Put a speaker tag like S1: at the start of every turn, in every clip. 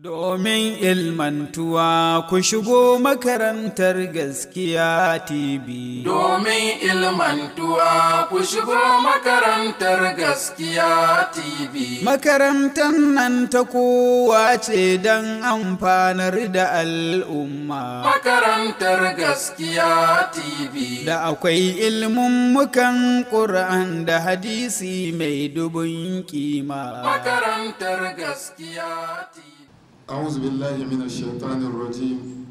S1: Domin ilmantuwa ku shigo makarantar gaskiya TV. Domin ilmantuwa ku shigo makarantar gaskiya
S2: TV.
S1: Makarantar nan ta kowa ce don amfanar da al'umma. Makarantar gaskiya TV. Da akwai ilmin mukan Ƙur'an da hadisi mai dubun kima. Makarantar gaskiya TV.
S2: أعوذ بالله من الشيطان الرجيم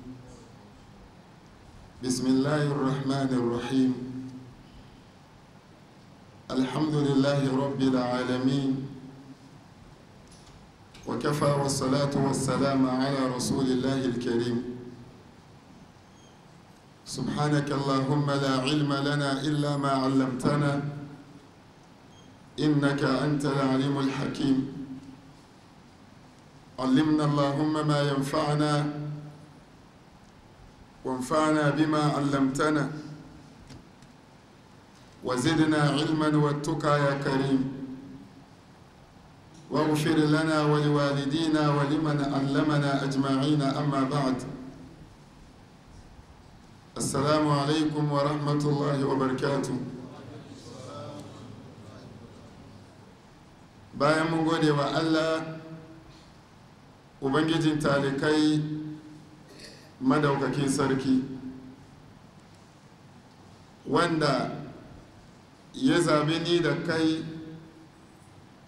S2: بسم الله الرحمن الرحيم الحمد لله رب العالمين وكفى والصلاة والسلام على رسول الله الكريم سبحانك اللهم لا علم لنا إلا ما علمتنا إنك أنت العليم الحكيم علمنا اللهم ما ينفعنا وانفعنا بما علمتنا وزدنا علما واتقى يا كريم واغفر لنا ولوالدينا ولمن علمنا أجمعين أما بعد السلام عليكم ورحمة الله وبركاته bayan mun والله ubangijin talikai madaukakin sarki wanda ya zabi ni da kai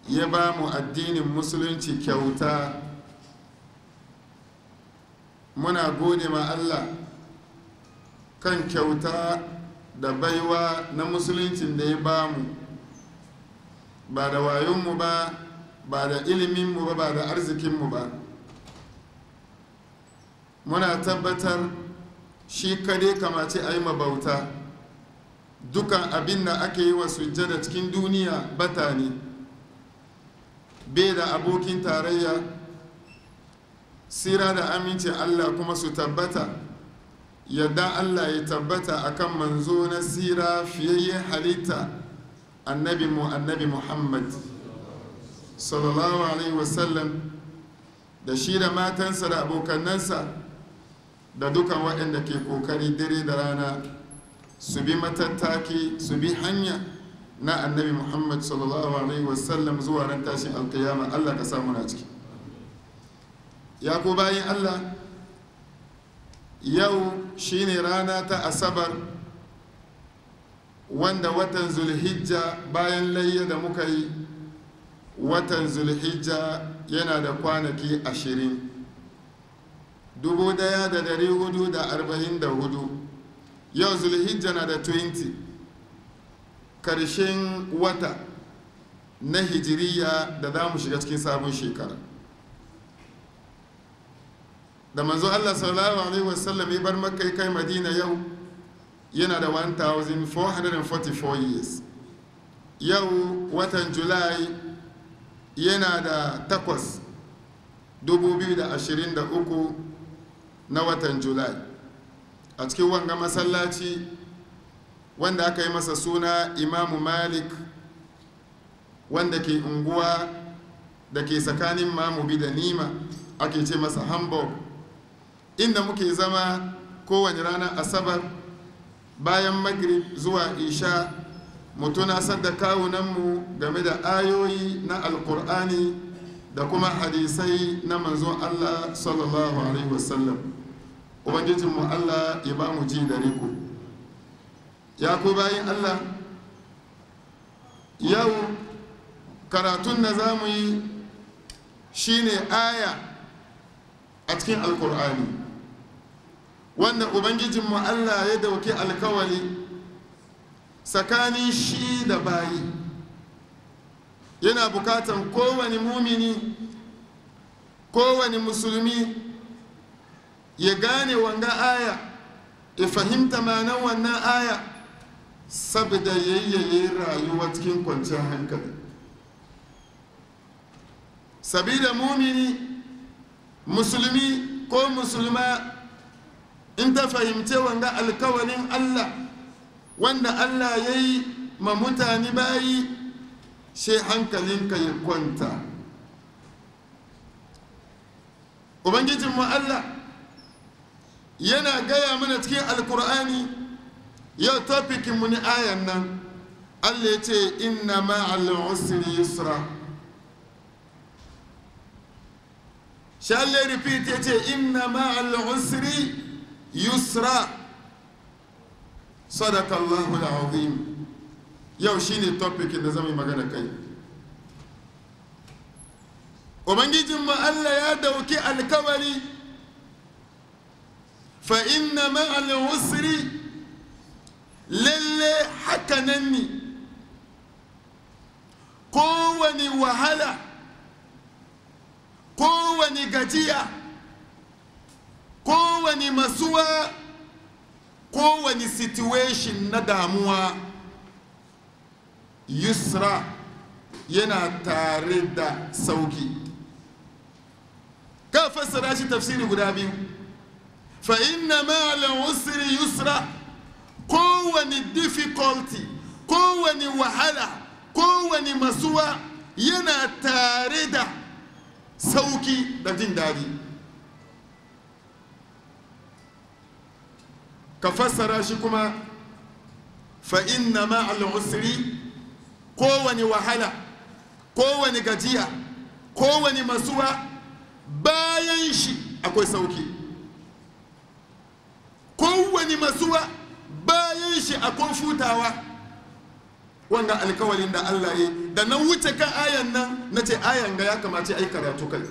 S2: ya ba mu addinin musulunci kyauta muna gode ma allah kan kyauta da baiwa na musuluncin da ya ba mu ba da wayonmu ba ba da iliminmu ba ba da arzikinmu ba muna tabbatar shi kare kamace a yi mabauta dukan abin da ake yi wa sujjada cikin duniya bata ne bai da abokin tarayya sira da aminci allah kuma su tabbata yadda allah ya tabbata akan manzo na sira fiyayyen halitta annabi mu annabi muhammad sallallahu alaihi wasallam da shi da matansa da abokannansa da dukan waɗanda ke kokari dare da rana su bi matattaki su bi hanya na annabi muhammad sallallahu alaihi wasallam zuwa ran tashin alkiyama allah ka samu na ciki ya ku bayan allah yau shine rana ta asabar wanda watan zulhijja bayan layya da muka yi watan zulhijja yana da kwanaki ashirin 1444 yau zulhijja na da 20 karshen wata na hijiriya da za mu shiga cikin sabon shekara da manzo Allah sallallahu alaihi wasallam ya bar makai kai madina yau yana da 1444 years yau watan july yana da 8 2023 na watan julai a cikin wanga masallaci wanda aka yi masa suna imamu malik wanda ke unguwa da ke tsakanin mamubi da nima ake ce masa hamburg inda muke zama kowane ranar asabar bayan magrib zuwa isha mutuna sadda kawunanmu game da ayoyi na alkur'ani da kuma hadisai na manzon Allah sallallahu alaihi wasallam ubangijinmu Allah ya ba mu ji da riko ya ku bayin Allah yau karatun da za mu yi shine aya a cikin alkur'ani wanda ubangijinmu Allah ya dauki alkawari tsakanin shi da bayi yana bukatan kowane mumini kowane musulmi ya gane wanga aya ya fahimta manan wannan aya saboda yayyaye rayuwa cikin kwanciyar hankali sabida mumini musulmi ko musulma in ta fahimce wanga alkawalin allah wanda allah ya yi ma mutane bayi sai hankalinka ya kwanta ubangijinmu allah yana gaya mana cikin alkur'ani yau tafikinmu ni ayan nan allah ya ce inna ma'al usiri yusra shalle repeat ya ce inna ma'al usiri yusra sadakallahu al'azim yau shine topic da zama magana kai ubangijin mu Allah ya dauki alkawari fa inna ma'al usri lalle haka nan ne kowane wahala kowane gajiya kowane masuwa kowane situation na damuwa yusra yana tare da sauki ka fassara shi tafsiri guda biyu fa inna ma'ala usri yusra kowane difficulty kowane wahala kowane masuwa yana tare da sauki da jin daɗi ka fassara shi kuma fa inna ma'al usri kowane wahala kowane gajiya kowane masuwa bayan shi akwai sauki kowane masuwa bayan shi akwai futawa Wanda alkawalin da Allah ya da na wuce kan ayan nan na ce ayan ga ya kamace ai karatu kai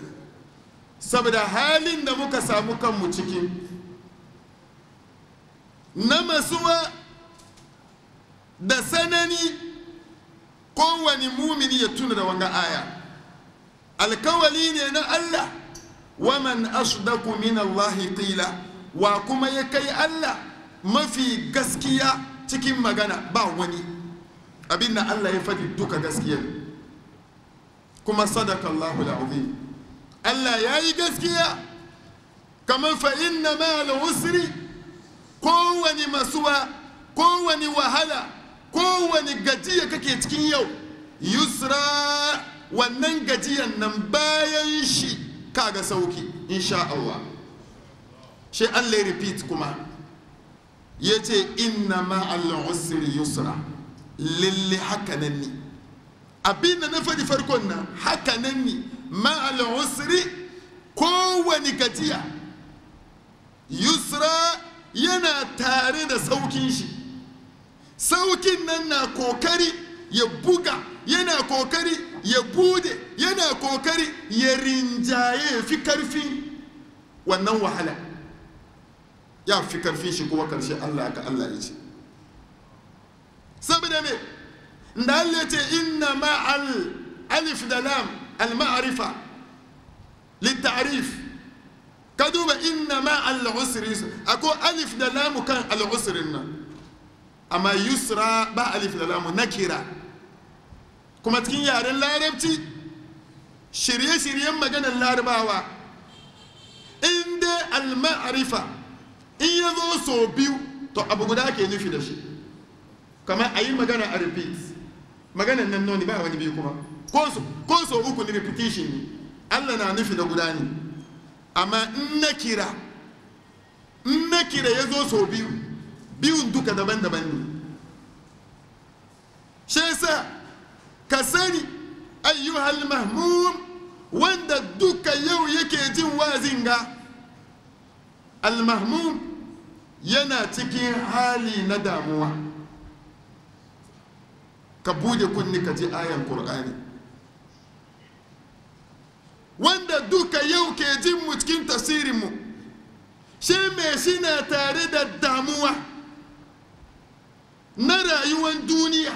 S2: saboda halin da muka samu kanmu ciki na masuwa da sanani kowane mumini ya tuna da wanga aya alkawali ne na Allah waman asdaku min Allah qila wa kuma ya kai Allah mafi gaskiya cikin magana ba wani abinda Allah ya faɗi duka gaskiya kuma sadaka Allahu alazim Allah yayi gaskiya kamar fa inna ma al usri kowani masuwa kowani wahala kowane gajiya kake cikin yau yusra wannan gajiyan nan bayan shi kaga sauki insha Allah shi Allah ya repeat kuma ya ce inna ma'al usri yusra lalle haka nan ne abin na faɗi farkon nan haka nan ne ma'al usri kowane gajiya yusra yana tare da saukin shi saukin nan na kokari ya buga yana kokari ya bude yana kokari ya rinjaye fi karfin wannan wahala ya fi karfin shi kuma karshe Allah ka Allah ya ce saboda me da Allah ya ce inna ma al alif da lam al ma'rifa li ta'rif للتعريف كدوب إن مع العسر أكو ألف kan al usrin nan amma yusra ba alif da lamu nakira kuma cikin yaren larabci shirye-shiryen maganar larabawa in dai al-ma'rifa in ya zo so biyu to abu guda ke nufi da shi kamar a yi magana a repeat maganar nan noni ba wani biyu kuma ko so uku ni repetition ne allah na nufi da guda ne amma in na kira in na kira ya zo so biyu biyun duka daban-daban ne shi yasa ka sani ayyuhal mahmum wanda duka yau yake jin wazin ga al-mahmum yana cikin hali na damuwa ka bude kunni ka ji ayan qur'ani wanda duka yau ke jin mu cikin tasirinmu shi mai shi na tare da damuwa na rayuwar duniya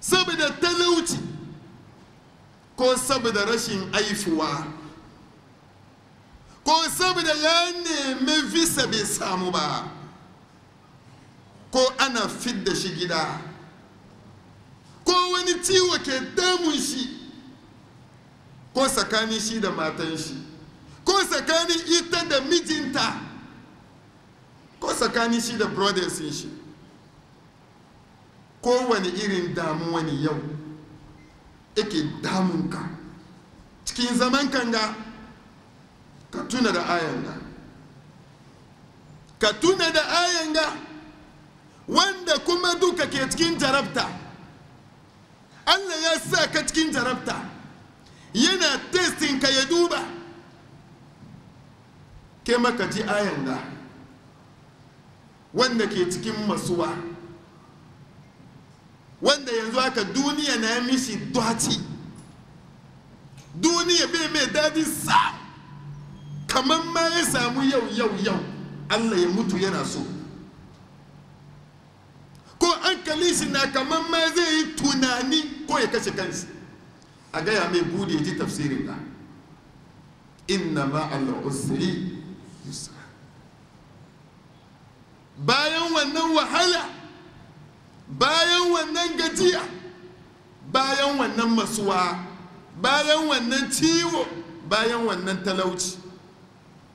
S2: saboda talauci ko saboda rashin aifuwa ko saboda ya nemi visa bai samu ba ko ana fidda shi gida ko wani ciwo ke damun shi ko tsakanin shi da matan shi ko tsakanin ita da mijinta ko tsakanin shi da brothers shi kowane irin damuwa ne yau yake damunka cikin zaman kanga ka tuna da ayanga ka tuna da ayanga wanda kuma duka ke cikin jarabta allah ya sa ka cikin jarabta yana testin ka ya duba ke makaji ji ayanga wanda ke cikin masuwa wanda yanzu haka duniya na mishi dwaci duniya bai mai daɗi sa kamar ma ya samu yau yau yau allah ya mutu yana so ko an shi na kamar ma zai yi tunani ko ya kashe kansa a gaya mai bude ya ji tafsirin da inna ma al'usri yusra bayan wannan wahala bayan wannan gajiya bayan wannan masuwa bayan wannan ciwo bayan wannan talauci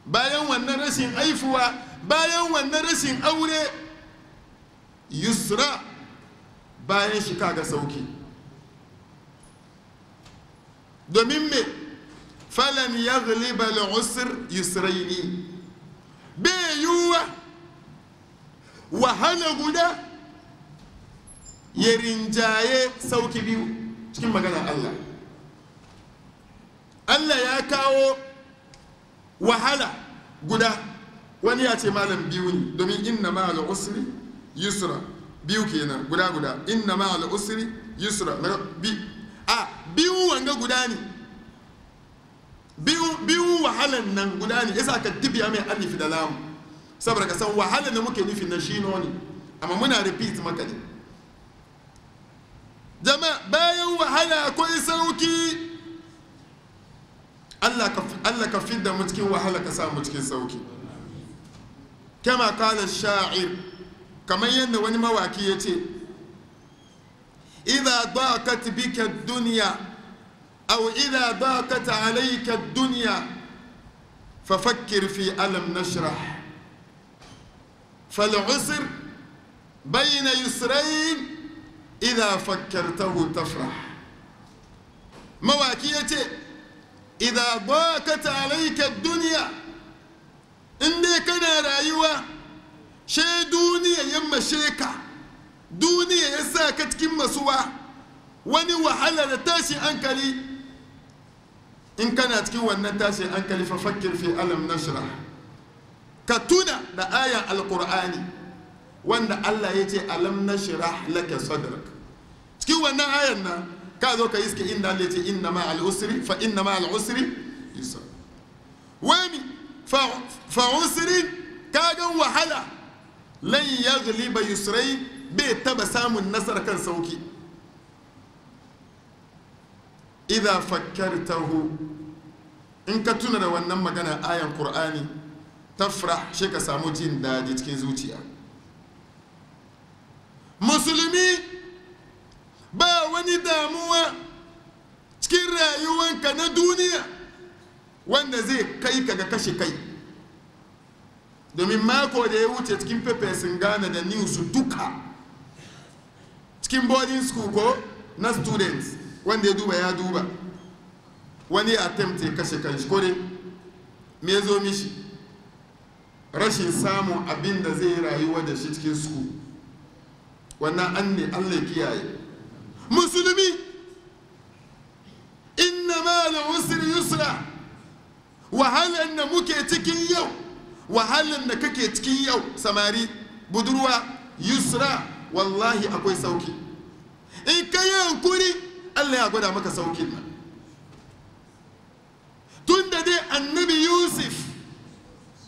S2: bayan wannan rashin aifuwa bayan wannan rashin aure yusra bayan shi kaga sauki domin me falan ya ghaliba ne? yusraini bai yiwuwa wahala guda ya rinjaye sauki biyu cikin magana Allah Allah ya kawo wahala guda wani ya ce malam biyu ne domin inna ma usri yusra biyu kenan guda guda inna ma usri yusra na bi a biyu wanga guda ne biyu wahalan nan guda ne yasa ka dibiya mai alifi da lamu saboda ka san wahalan da muke nufi na shi ne amma muna repeat maka ne jama'a bayan wahala akwai sauki Allah ka fi da mu cikin wahala ka sa mu cikin sauki kama kala sha'ir kamar yadda wani mawaki ya ce idha daqat bika ad-dunya aw idha daqat alayka ad-dunya fafakkir fi alam nashrah فالعسر بين يسرين idha fakkartahu tafrah mawaki yace idha daqat alayka ad-dunya inda kana rayuwa she duniya yamma sheka duniya ya sa ka cikin masuwa wani wahala da tashi hankali in kana cikin wannan tashi hankali fa fakkir fi alam nashra ka tuna da ayan alqur'ani wanda Allah ya ce alam nashra laka sadrak cikin wannan ayan nan ka zo ka suke inda Allah inna ma al'usiri fa inna ma al'usiri yusa wani fa'usiri kagan wahala lan yaghliba yusrai bai taba samun nasar kan sauki idza taho in ka tuna da wannan magana ayan ta fura shi ka samu jin daji cikin zuciya musulmi ba wani damuwa cikin rayuwanka na duniya wanda zai kai ka ga kashe kai domin mako da ya wuce cikin pepe sun gane da news duka cikin boarding school ko na students wanda ya duba ya duba wani attempt ya kashe kanshi ko ne me zo mishi rashin samun abinda da zai rayuwa da shi cikin school wannan an ne allah kiyaye musulmi inna malin usri yusra wahalar da muke cikin yau wahalar da kake cikin yau samari budurwa yusra wallahi akwai sauki in ka yi hankuri allah ya gwada maka sauki nan tun da dai annabi yusuf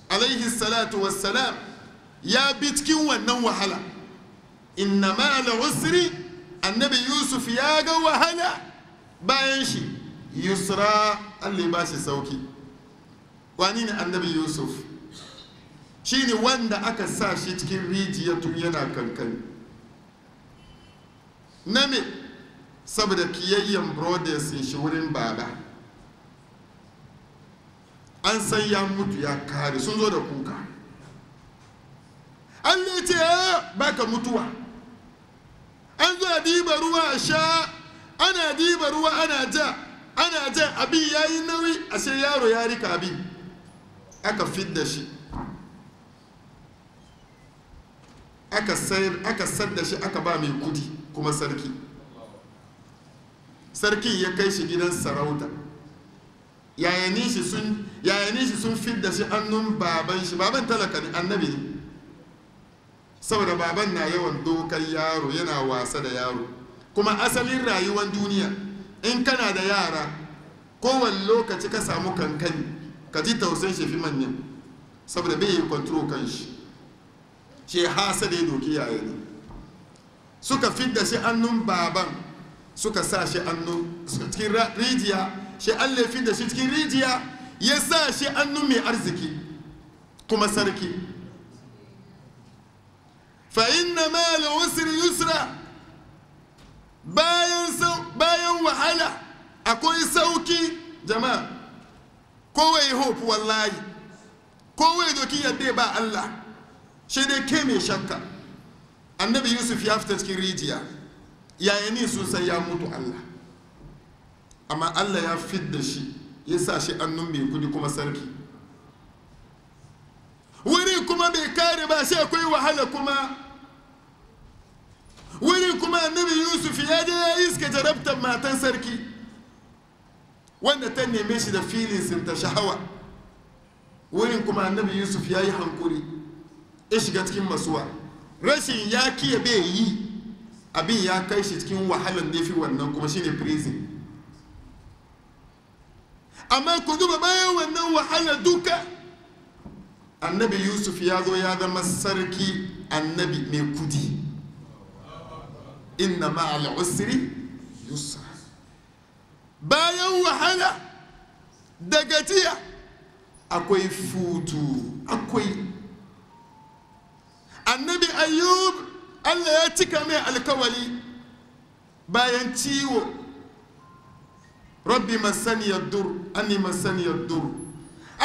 S2: alaihi salatu wassalam ya bi cikin wannan wahala inna ma la usri annabi yusuf ya ga wahala bayan shi yusra allah ba shi sauki wani ne annabi yusuf shi ne wanda aka sa shi cikin rijiya tun yana kankani na me saboda kiyayyen brothers shi wurin baba an san ya mutu ya kare sun zo da kuka an ce ya eh, baka mutuwa an zo a diba ruwa a sha ana diba ruwa ana ja ana ja abin ya yi nauyi a sai yaro ya rika abin aka fidda shi aka shi aka ba mai kudi kuma sarki sarkin ya kai shi gidan sarauta yayani shi sun fidda shi hannun baban shi baban talaka ne annabi ne saboda baban na yawan dokar yaro yana wasa da yaro kuma asalin rayuwar duniya in kana da yara kowane lokaci ka samu kankani ka ji tausayin shi fi manyan saboda bai yi kwantro kan shi shi hasa da ya doki yaya ne suka fidda shi annun baban suka sa shi annun cikin rijiya shi allah fidda shi cikin rijiya ya sa shi annun mai arziki kuma sarki fa'in na mala yusra bayan wahala akwai sauki jama'a kowai hope wallahi kowai doki yadda ba Allah shi dai ke mai shakka annabi yusuf ya fita cikin rijiya yayani sosai ya mutu Allah amma Allah ya fidda shi ya sa shi annun mai kudi kuma sarki wuri kuma mai kare ba shi akwai wahala kuma wurin kuma annabi yusuf ya je ya iska jarabtar matan sarki wanda ta neme shi da filin ta shahawa wurin kuma annabi yusuf ya yi hankuri ya shiga cikin masuwa rashin ya kiya bai yi abin ya kai shi cikin wahalar da ya fi wannan kuma shine prison amma ku duba bayan wannan wahala duka annabi yusuf ya zo ya zama sarki annabi mai kudi إن مع العسر يسر با يو حلا دقتيا أكوي فوتو أكوي النبي أيوب ألا ياتيك مي الكوالي با ينتيو ربي مسني الدر أني مسني الدر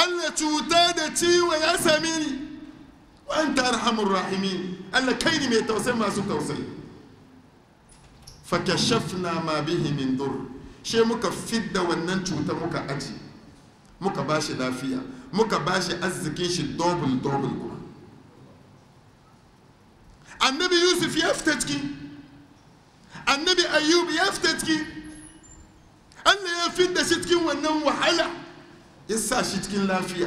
S2: ألا توتاد تيو يا سميني وأنت أرحم الراحمين ألا كيني ميتوسم ما سوتوسم fakashafna ma bihi min dur she muka fidda wannan cuta muka aji muka bashi lafiya muka bashi arzikin shi double double kuma annabi yusuf ya fita ciki annabi ayyub ya fita ciki allah ya fidda shi cikin wannan wahala ya sa shi cikin lafiya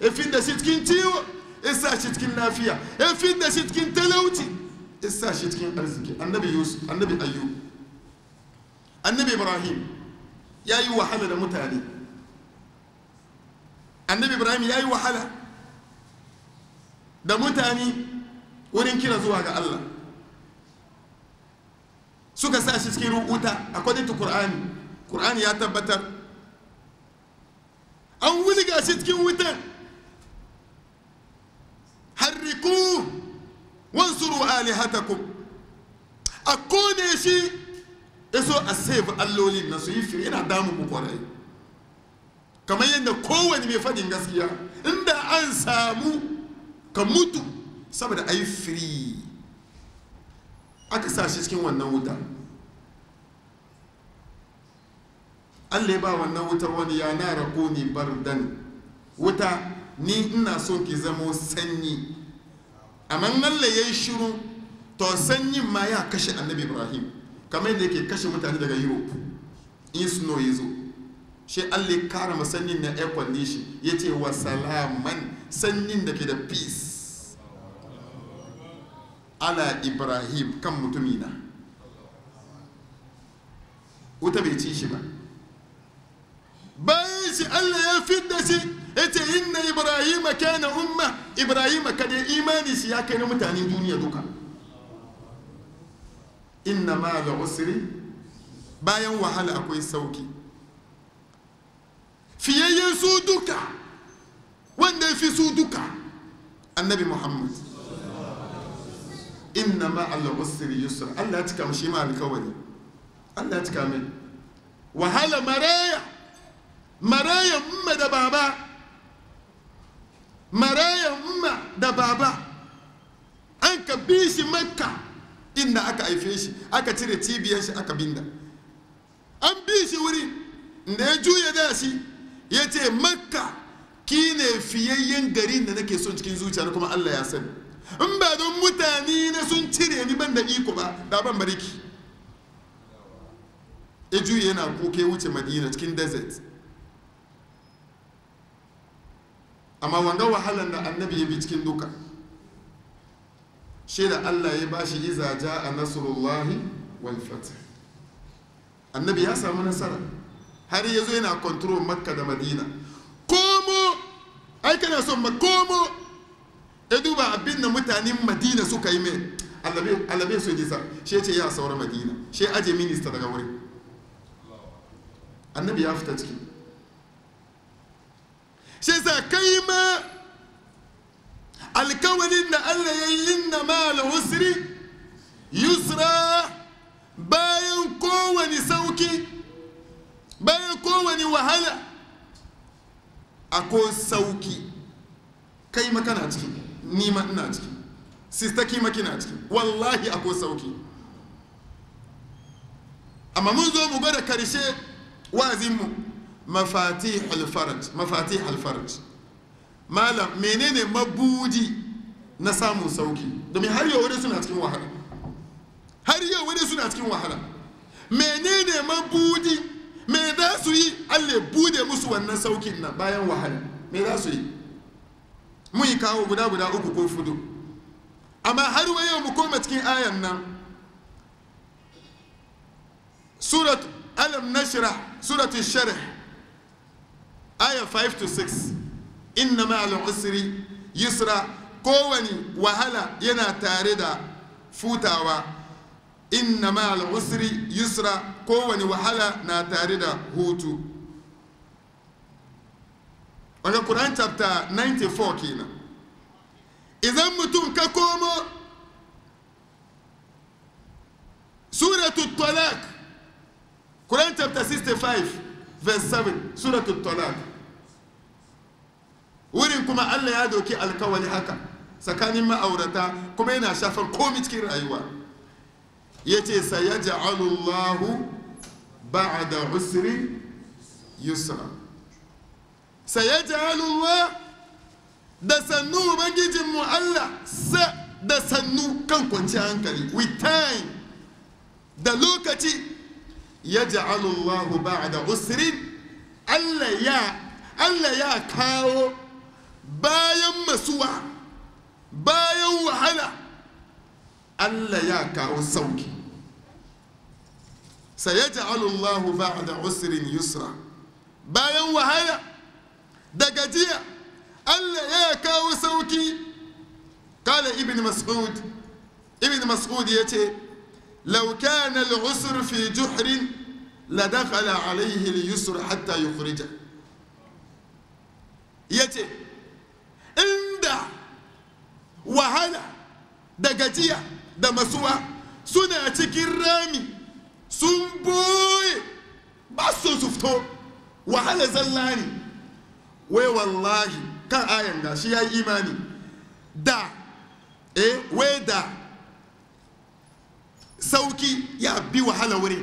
S2: ya fidda shi cikin ciwo ya sa shi cikin lafiya ya fidda shi cikin talauci isa shi cikin arziki annabi yusuf annabi ayyub annabi ibrahim ya yi wahala da mutane annabi ibrahim ya yi wahala da mutane wurin kira zuwa ga allah suka sa shi cikin rubuta according to ƙur'ani ƙur'ani ya tabbatar an wulga shi cikin wutan harriku wansuru alihatakum a kone shi iso a save allolin na su yi fiye yana damu ku kwarai kamar yadda kowane mai faɗin gaskiya inda an samu ka mutu saboda a yi free aka sa shi cikin wannan wuta allai ba wannan wutar wani ya na rako ni bardan wuta ni ina so ki zamo sanyi amma nan da ya yi shiru to sanyin ma ya kashe annabi ibrahim kamar yadda yake kashe mutane daga europe in snow ya zo shi allai kara ma na air condition ya ce wa salaman sanyin da ke da peace ala ibrahim kan mutumina wuta bai ci shi ba bayan shi allah ya fi da shi ce inna Ibrahim kana umma ibrahima kada imani shi ya kai na mutanen duniya duka inna ma da usri bayan wahala akwai sauki fiyayyen su duka wanda ya fi su duka annabi muhammad inna ma allah usri yusra allah ya cika shi ma alkawari allah ya cika mai wahala maraya maraya umma da baba Maraya, umma da baba an ka bi shi makka inda aka haife shi aka cire cibiyar shi aka binda an bi shi wuri da ya juya da shi ya ce makka ki ne fiyayyen garin da nake son cikin zuciya kuma allah ya sani in ba don mutane na sun cire ni ban da iko ba da ban bariki ya juya yana kuke wuce madina cikin desert amma wanga wahalar da annabi ya bi cikin duka shi da allah ya bashi iza ja a nasarullahi wal fatih annabi ya samu nasara har ya zo yana kontrol makka da madina komo ai son ma komo ya duba abin da mutanen madina suka yi mai alabe su jisa shi ce ya saura madina shi aje minista daga wuri annabi ya fita ciki shi sa kai ma alkawarin da Allah ya yi inna ma husri yusra bayan kowane sauki bayan kowane wahala akwai sauki kai ma kana ciki ni ma ina ciki sista kima kina ciki wallahi akwai sauki amma mun zo mu gwada karshe wazinmu مفاتيح الفرج مفاتيح الفرج ما لا منين مبودي نسامو سوكي دمي هاي يوري سنة تكين وحرا هل يوري سنة تكين وحرا منين مبودي ماذا سوي ألي بودي مسوى نسوكي نا بايان وحرا ماذا سوي مو يكاو بدا بدا أكو كوفدو أما هل ويو مكومة تكين آيان نا سورة ألم نشرح سورة الشرح aya 5 to 6 inna ma'al usri yusra kowani wahala yana tare da futawa inna ma'al usri yusra kowani wahala na tare da hutu wanda Quran chapter 94 kenan idan mutum ka komo suratul talaq Quran chapter 65 verse 7 suratul talaq wurin kuma allah ya doki alkawali haka tsakanin ma'aurata kuma yana shafar komi cikin rayuwa ya ce a da usri yusra sayaja'alullah da sannu ubangijinmu allah sa da sannu kan kwanci hankali with time da lokaci ya ja'alullahu da usrin allah ya kawo bayan masuwa bayan wahala allah ya kawo sauki sayaj'alu Allahu ba'da usrin yusra bayan wahala da gajiya Allah ya kawo sauki kala ibn mas'ud ibn mas'ud yace لو كان العسر في جحر لدخل عليه اليسر حتى يخرجه يتي wahala da gajiya da masuwa suna cikin rami sun boye ba su su fito wahala zalla ne wai wallahi kan ayan ga shi ya yi imani da eh wai da sauki ya bi wahala wuri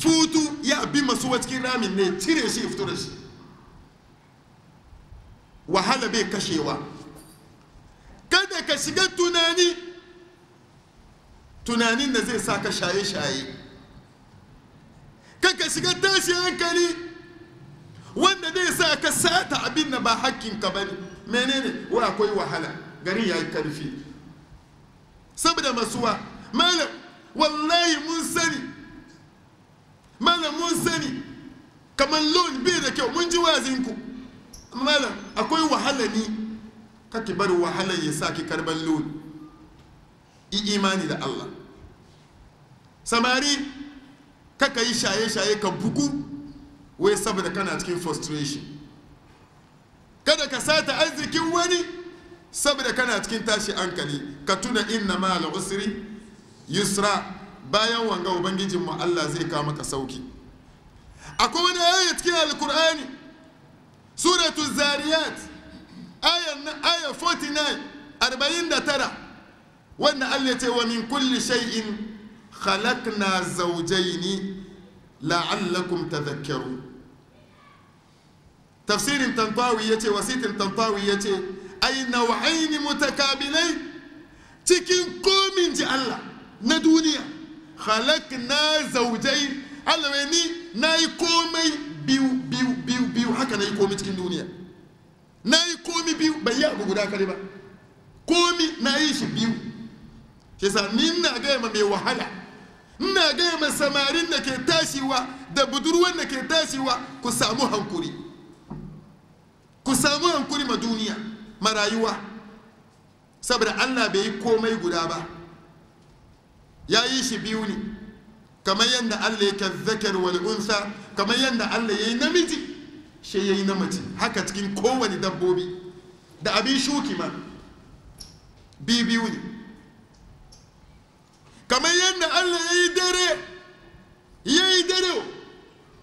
S2: futu ya bi masu cikin ramin ne cire shi fito da shi wahala bai kashewa kada ka shiga tunani tunanin da zai sa ka shaye-shaye ka shiga tashin hankali wanda zai sa ka sata abin da ba hakkinka ba ne menene wa akwai wahala gari ya yi karfi saboda masuwa malam wallahi mun sani malam mun sani kamar loan bai da kyau mun ji wazinku malam akwai wahala ne kati bari wahalar ya sa ki karban lul yi imani da Allah samari kaka yi shaye-shaye ka bugu wai saboda kana cikin frustration kada ka sata arzikin wani saboda kana cikin tashi hankali ka tuna inna ma usri yusra bayan wanga ubangijin mu Allah zai kawo maka sauki akwai wani aya cikin alkur'ani suratul zariyat ayan nan aya 49 49 wannan Allah ce wa min kulli shay'in khalaqna zawjayn la'allakum tadhakkarun tafsirin tantawi yace wasitin tantawi yace ay naw'ayn mutakabilay cikin komin ji Allah na duniya khalaqna zawjayn Allah ne nayi komai biyu biyu biyu biyu haka nayi komai cikin duniya na yi komi biyu bai yi abu guda kare ba komi na yi shi biyu shi sa ni na gaya ma mai wahala ina gaya ma samarin da ke tashiwa da budurwan da ke tashiwa ku samu hankuri ku samu hankuri ma duniya ma rayuwa saboda allah bai yi komai guda ba ya yi shi biyu ne kamar yadda allah ya kazzakar wal'unsa kamar yadda allah ya yi namiji shi ya yi namiji haka cikin kowane dabbobi da abin shuki ma biyu ne kamar yadda allah ya yi dare ya yi dare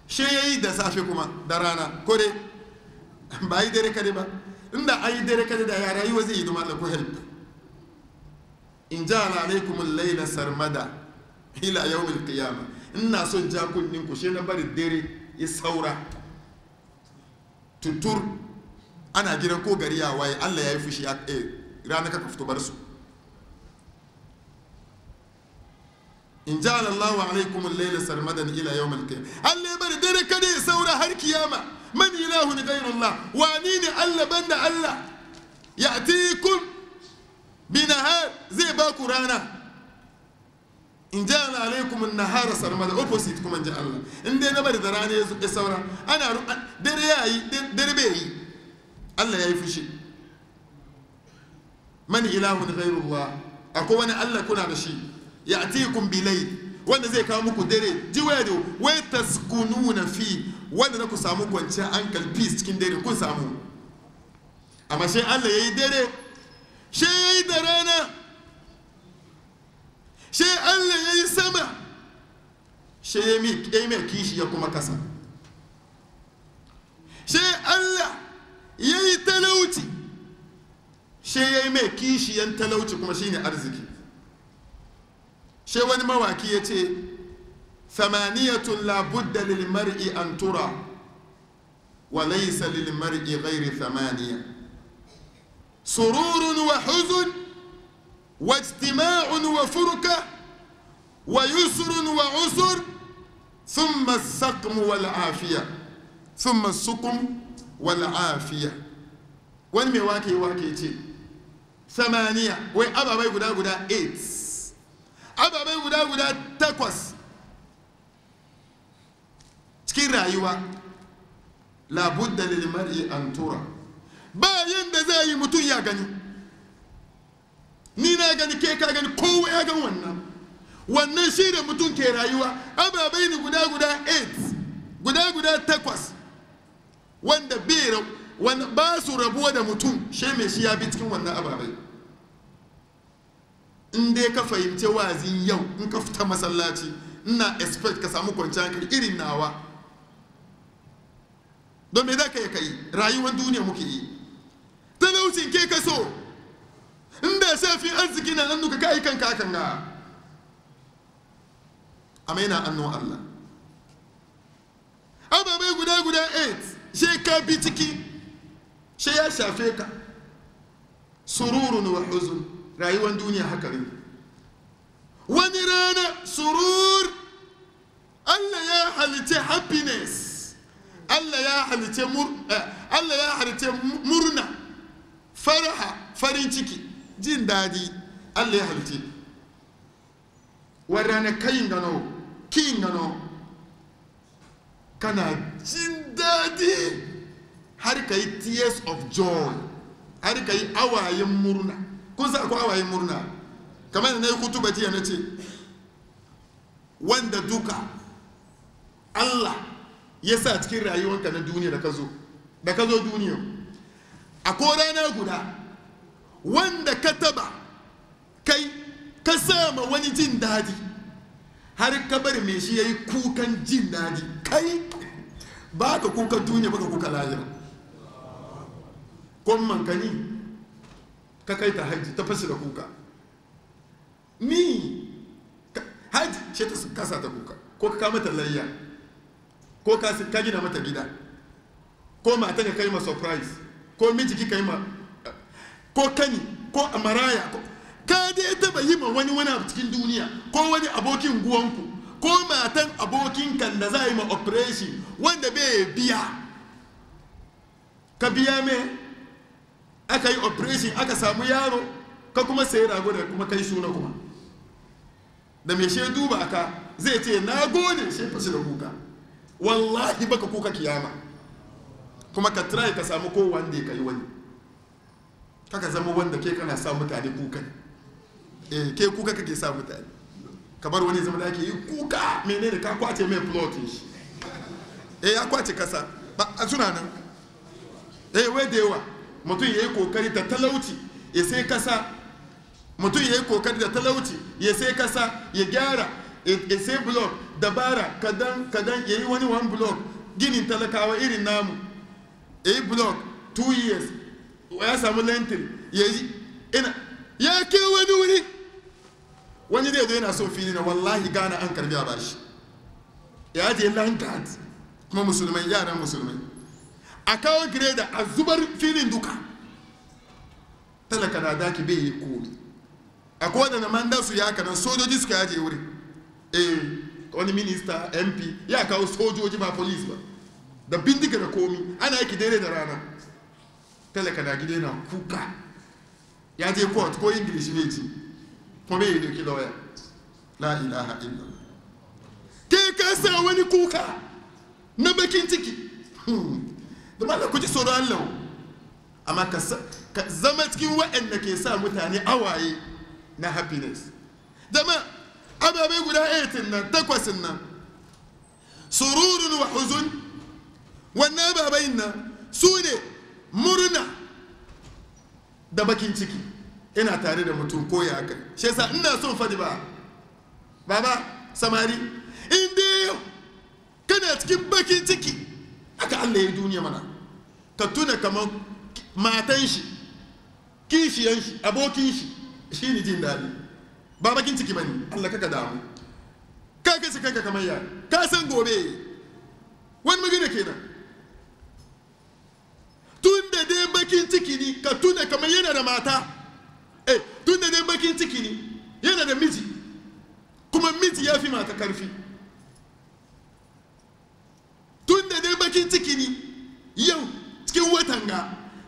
S2: shi ya yi da safe kuma da rana kore ba yi dare kare ba inda a yi dare kare da ya rayuwa zai yi da malar kuhel in ja na alaikum laila sarmada ila yawmin qiyama ina son ja kunninku shi na bari dare ya saura tutur ana gidan ko gari ya waye allah ya yi fushi a eh, ranar kaka fito bar su in ja Allah wa alaikum laila sarmadan ila yawm al Allah ya bar dare kada ya saura har kiyama man ilahu ni ghayru Allah wani ne Allah banda Allah ya ya'tikum binahar zai baku rana in ja na alaikum nahara opposite kuma ji Allah in dai na bari da rana ya saura ana dare ya yi dare bai yi Allah ya yi fushi man ilahun ghairullah akwai wani Allah kuna da shi kun bilai, wanda zai kawo muku dare ji waya da wai taskununa fi wanda na ku samu kwanciyar ankal peace cikin dare kun samu amma shi Allah ya yi dare shi ya yi da rana شيء قال يسمع شيء يميك يميك يشي يا كوما كاسا شيء قال يتلوتي شيء يميك يشي ينتلوتي كوما شيء ارزك شيء وين ما واكيتي ثمانية لا بد للمرء أن ترى وليس للمرء غير ثمانية سرور وحزن واجتماع وفركة ويسر وعسر ثم السقم والعافية ثم السقم والعافية wani mai wake wake ce samaniya wai ababai guda guda 8 ababai guda guda 8 cikin rayuwa labudda lil mar'i an tura bayan da zai yi mutum ya gani ni na gani ke ka gani kowa ya gan wannan wannan shi da mutum ke rayuwa ababai ne guda guda 8 guda guda takwas wanda bai ba su rabuwa da mutum shi mai shi ya bi cikin wannan ababai in dai ka fahimci wazin yau in ka fita masallaci ina expect ka samu kwanciyar hankali irin nawa don me za ka yi ka yi rayuwar duniya muke yi talaucin ke ka so inda saifin arziki na annu ka kai kan kakan ga amma yana annu Allah ababai guda guda 8 shi ka bi ciki shi ya shafe ka sururun wa huzun rayuwar duniya haka ne wani rana surur Allah ya halice happiness Allah ya halice eh, murna farha farin ciki jin daɗi allah ya halitti wadane kayin gano kiyin gano kana jin daɗi har ka yi tears of joy har ka yi awayen murna kun sa awayen murna kamar da na yi kutuba jiya na ce wanda duka allah ya sa cikin rayuwanka na duniya da ka zo duniya a ko rana guda wanda ka taba kai ka sama wani jin daɗi har ka bar mai shi ya yi kukan jin daɗi kai ba ka kuka duniya baka kuka lahira kwan mankani ka kai ta haji ta fashe da kuka ni haji ce ta kasa ta kuka ko ka kama ta layya ko ka gina mata gida ko mata ka kai ma surprise ko miji ki kai ma ko kani ko amaraya ko ka ya taba yi ma wani wani a cikin duniya ko wani abokin guwanku ko matan abokin kan da za yi ma operation wanda bai biya ka biya me aka yi operation aka samu yaro ka kuma sayi rago da kuma kai suna kuma da mai shi duba ka zai ce na gode shi fashi da kuka wallahi baka kuka kiyama kuma ka try ka samu ko wanda ya kai wani kaka zama wanda ke kana sa mutane kukan eh ke kuka kake sa mutane kamar wani zama da ake yi kuka menene ka kwace mai plotin shi eh ya kwace kasa ba a suna nan eh wai da yawa mutum ya yi kokari da talauci ya sai kasa mutum ya yi kokari da talauci ya sai kasa ya gyara ya sai blok dabara kadan kadan ya yi wani wani blok ginin talakawa irin namu yi blok 2 years ya samu lentil ya yi ina ya ke wani wuri wani zai zo yana son fili na wallahi gana an karbi a bashi ya je landard kuma musulmai yaran musulmai a kawo gireda a zubar filin duka talaka na daki bai yi komi a kowane na manda su ya kanan sojoji suka yaje wuri eh wani minista mp ya kawo sojoji ba police ba da bindiga da komi ana yake daidai da rana talaka na gida na kuka ya je court ko english ne ci kuma ya doki lawyer la ilaha illa ke ka sa wani kuka na bakin ciki da ma ku ji tsoron Allah Ama ka zama cikin waɗanda ke sa mutane awaye na happiness dama ababe guda 18 na takwasin nan sururun wa huzun wannan ababayin nan su ne murna da bakin ciki ina tare da mutum ko ya haka shi yasa ina son fadi ba baba samari inda yau kana cikin bakin ciki aka Allah ya duniya mana ka tuna kamar matan shi kishiyan shi abokin shi shi ne jin daɗi ba bakin ciki ba ne Allah kaka damu ka kashe kanka kamar yara ka san gobe wani magana kenan tun da dai bakin ciki ne ka tuna kamar yana da mata eh tun da dai bakin ciki ne yana da miji kuma miji ya fi mata karfi tun da dai bakin ciki ne yau cikin watan ga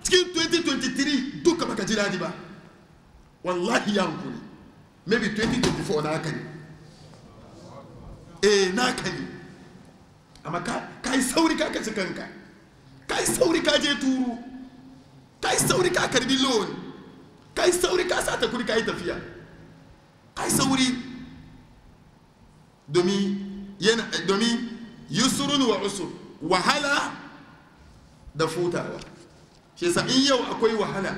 S2: cikin 2023 duka baka ji daɗi ba wallahi ya hankuli maybe 2024 na kani eh na kani amma ka yi sauri ka kashe kanka kai sauri ka je turu kai sauri ka karbi loan kai sauri ka sata kuri ka yi tafiya kai sauri domin yusurun wa usur wahala da futawa shi yasa in yau akwai wahala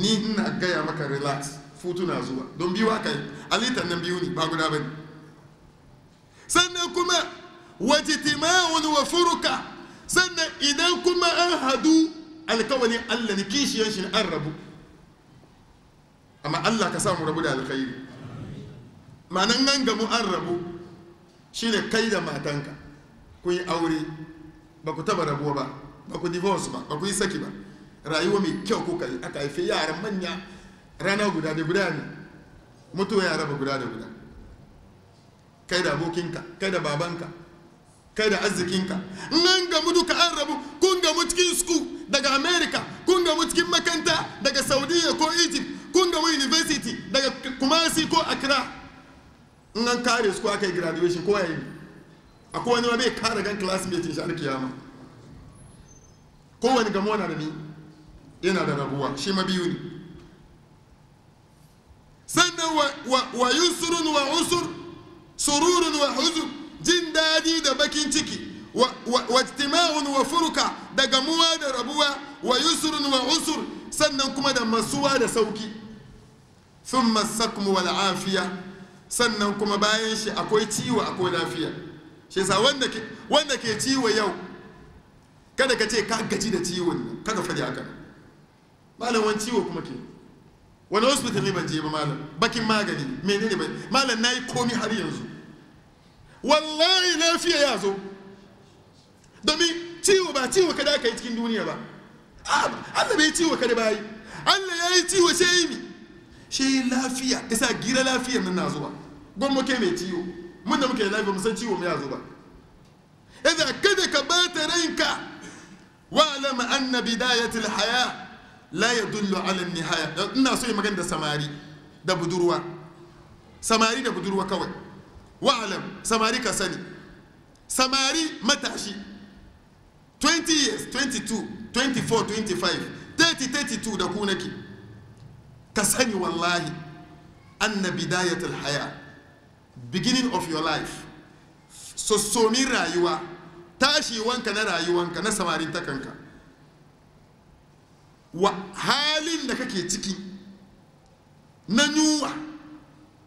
S2: ni ina gaya maka relax futu na zuwa don biyu kai alitan nan biyu ne ba guda ba ne sannan kuma wajitima'un wa furuka sannan idan kuma an hadu alkawarin allah ne kishiyar shi an rabu amma allah ka samu rabu da alkhairi ma'anan nan gamu an rabu shi ne kai da matanka ku yi aure ba ku taba rabuwa ba ba ku divorce ba ba ku yi saki ba rayuwa mai kyau kuka yi aka haife yaran manya rana guda da guda ne mutuwa yara ba guda da guda kai da abokinka kai da babanka kai da arzikinka nan gamu duka an rabu kun gamu cikin suku daga america kun gamu cikin makanta daga saudiya ko egypt kun gamu university daga kumasi ko accra nan kare su ko aka yi graduation ko yayi akwai wani bai kare gan classmate shi har kiyama kowane gamo na da ni yana da rabuwa shi ma biyu ne sannan wa, wa, wa wa usur sururun wa huzur jin daɗi da bakin ciki wa ijtima'un wa furuka da gamuwa da rabuwa wa yusurun wa usur sannan kuma da masuwa da sauki thumma sakmu wa afiya sannan kuma bayan shi akwai ciwo akwai lafiya shi sa wanda ke ciwo yau kada ka ce ka gaji da ciwon nan kada fadi haka malam wani ciwo kuma ke wani hospital ne ban je ba malam bakin magani menene ba malam na yi komi har yanzu wallahi lafiya ya zo domin ciwo ba ciwo kada aka yi cikin duniya ba ah, Allah bai ciwo kada ba yi Allah ya yi ciwo sai yi shi lafiya isa gira lafiyar nan na zuwa gwamma muke mai ciwo mun da muke da lafiya musan ciwo mai ba? idan kada ka bata ranka wa alama anna bidayatul haya la yadullu ala nihaya ina so yi magana da samari da budurwa samari da budurwa kawai wa'alam samari ka sani samari matashi 20 years 22 24 25 30 32 da ku nake ka sani wallahi anna bidayatul haya beginning of your life sossomin rayuwa tashiwanka na rayuwanka na samarin takanka wa halin da kake ciki na yunwa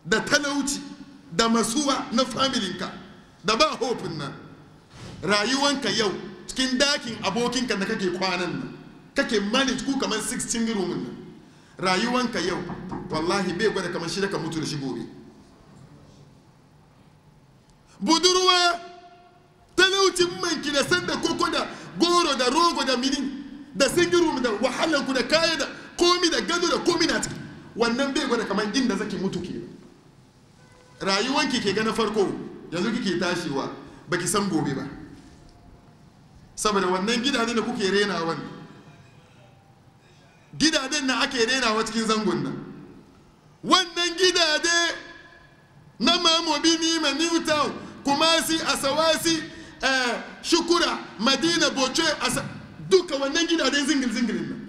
S2: da talauci da masuwa na familinka da ba hofin nan rayuwanka yau cikin dakin abokinka da kake kwanan nan kake manage ku kamar 16 room nan rayuwanka yau wallahi bai gwada kamar shi da ka mutu da shi gobe budurwa talaucin manki da sanda koko da goro da rogo da mini da singiru da wahalanku da kaya da komi da gado da komi na ciki wannan bai gwada kamar inda zaki mutu ke rayuwanki ke ga farko yanzu kike tashiwa baki san gobe ba saboda wannan gidanen da kuke renawan gidanen na ake renawa cikin zangon nan wannan gidade na mamobi nima newtown kumasi asawasi eh, shukura madina boce duka wannan gidade zingil-zingilin nan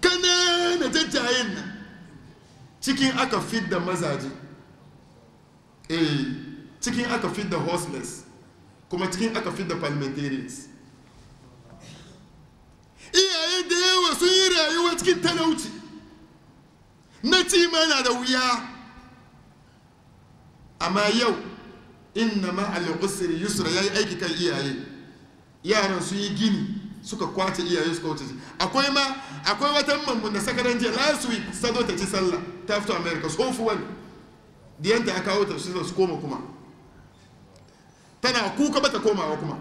S2: kanana jajjayen nan cikin aka fidda mazaje Eh, cikin aka fi da horseless kuma cikin aka fi da parliamentarians iyaye da yawa sun yi rayuwa cikin talauci na ci mana da wuya amma yau inna ma'al usri yusra yi aiki kan iyaye yaran sun yi gini suka kwace iyaye suka wuce akwai ma akwai wata mambu da sakarar jiya last week sado ta ci sallah ta fito america tsofuwa diyanta ya kawo ta su koma kuma tana kuka bata komawa kuma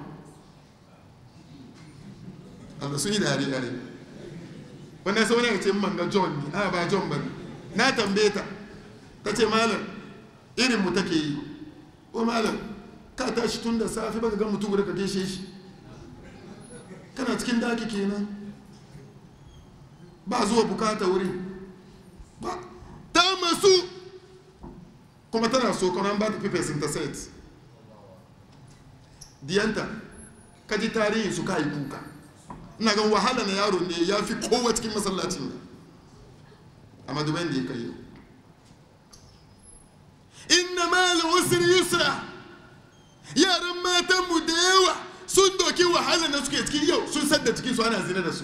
S2: amma sun yi dare dare wannan wani ne ce man ga john ne a ah, ba john ba na tambaye ta ta ce malam irin mu take yi o malam ka tashi tun da safe baka ga mutum guda ka gaishe shi kana cikin daki kenan ba zuwa bukata wuri ba ta masu kuma tana so kuma an ba ta fifesin ta set diyanta ka ji tarihin su ka yi kuka ina wahala na yaro ne ya fi kowa cikin masallacin ne amma madubai da ya kai yau inna mali usri yusra yaran matanmu da yawa sun doki wahala na suke cikin yau sun sadda cikin su ana zina da su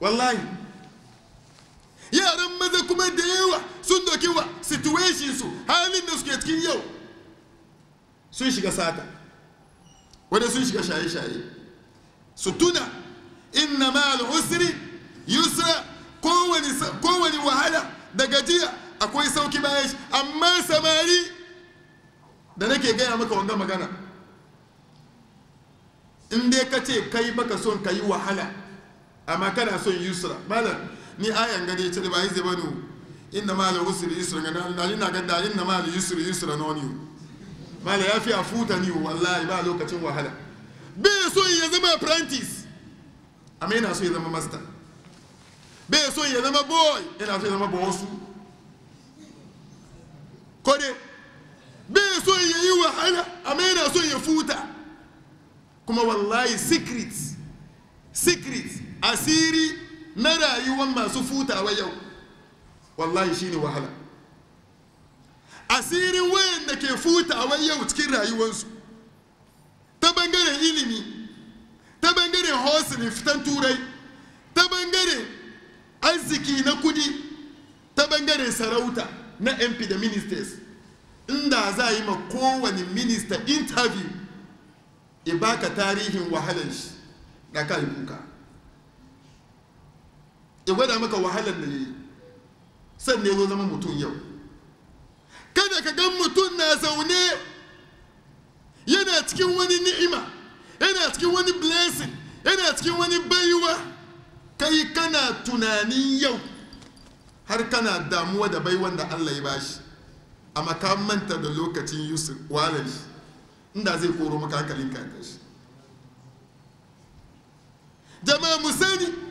S2: wallahi yaran maza kuma da yawa sun doki wa situation su halin da suke cikin yau sun shiga sata wani sun shiga shaye-shaye su tuna inna ma al'usri yusra kowane wahala da gajiya akwai sauki bayan shi amma samari da nake gaya maka wanga magana in dai kace kai baka son ka yi wahala amma kana son yusra malam ni ayan gade ce da ba yi zabanu inna ma la usri yusra ga dalin na ga dalin ma la yusri yusra noni ba la yafi a ni wallahi ba lokacin wahala Be so ya zama apprentice amma so ya zama master Be so ya zama boy yana so ya zama bosu kode be so ya yi wahala amma so ya futa kuma wallahi secrets, secrets asiri na rayuwar masu futawa yau wallahi shine wahala asirin wayan da ke futawa yau cikin rayuwarsu ta bangaren ilimi ta bangaren hosilin fitan turai ta bangaren arziki na kudi ta bangaren sarauta na mp da ministers inda za a yi ma kowane minista interview ya baka tarihin wahalar shi da kuka ya gwada maka wahalar da ya yi ya zo zama mutum yau kada ka gan mutum na zaune yana cikin wani ni'ima yana cikin wani blessing yana cikin wani baiwa kai kana tunanin yau har kana damuwa da baiwan da allah ya bashi amma ka manta da lokacin yusuf walali inda zai koro maka hankalin jama'a mu sani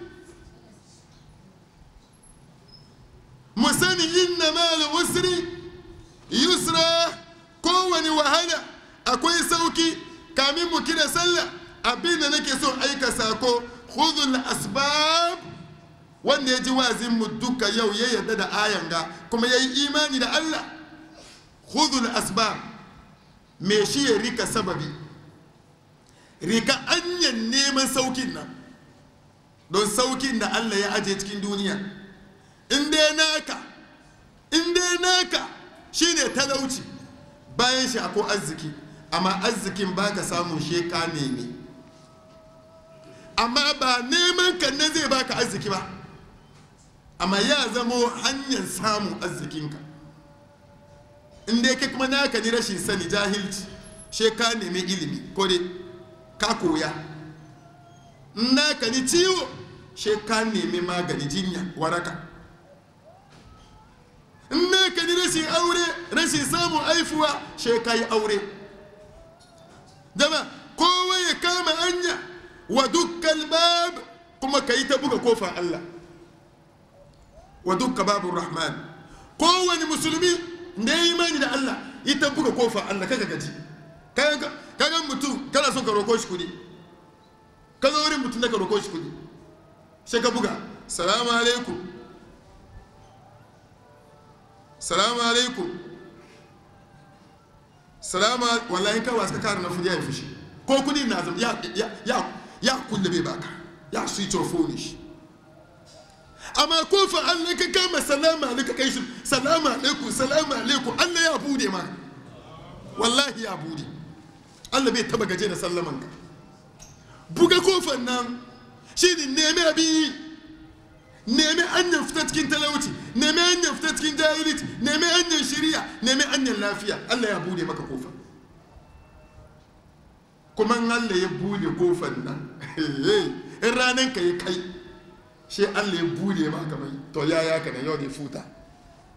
S2: wani inna mal usri yusra kowane wahala akwai sauki kamin mu kira sallah abin da nake so aika sako khudhul asbab wanda ya ji wazin mu duka yau ya yarda da ayanga ga kuma yayi imani da Allah khudhul asbab me shi ya rika sababi rika anyan neman saukin nan don saukin da Allah ya aje cikin duniya in dai naka Inda dai naka ne talauci bayan shi akwai arziki amma arzikin ka samu sheka ne nemi amma ba neman kanne ne zai ka arziki ba amma ya zamo hanyar samun arzikinka in dai kuma naka ni rashin sani jahilci sheka nemi ilimi ko dai ka koya naka ni ciwo sheka ka nemi magani jinya waraka in me ka ji rashin aure rashin samun aifuwa she ka yi aure jama kowa ya kama anya wa dukkan bab kuma ka yi ta buga kofar Allah wa dukkan babun rahman kowane musulmi da ya yi imani da Allah ita buga kofar Allah kaga gaji kaga mutum kana son ka roko shi kudi kaga wurin mutum da ka roko shi kudi sai ka buga salamu alaikum salamu alaikum salamu wallahi ka suka kara na furi ya yi fushi ko kudi na zama ya kulle bai baka ya switch off phone shi amma ko fa Allah ka kama salamu alaikum kai su salamu alaikum salamu alaikum Allah ya bude ma, wallahi ya bude Allah bai taba gaje da sallaman ka buga kofar nan shi ne neme biyu. nemi hanyar fita cikin talauci nemi hanyar fita cikin jahilci nemi hanyar shiriya nemi hanyar lafiya Allah ya bude maka kofar kuma Allah ya bude kofan nan eh, in ranar ka yi kai shi Allah ya bude maka mai to ya ya kana yau ne futa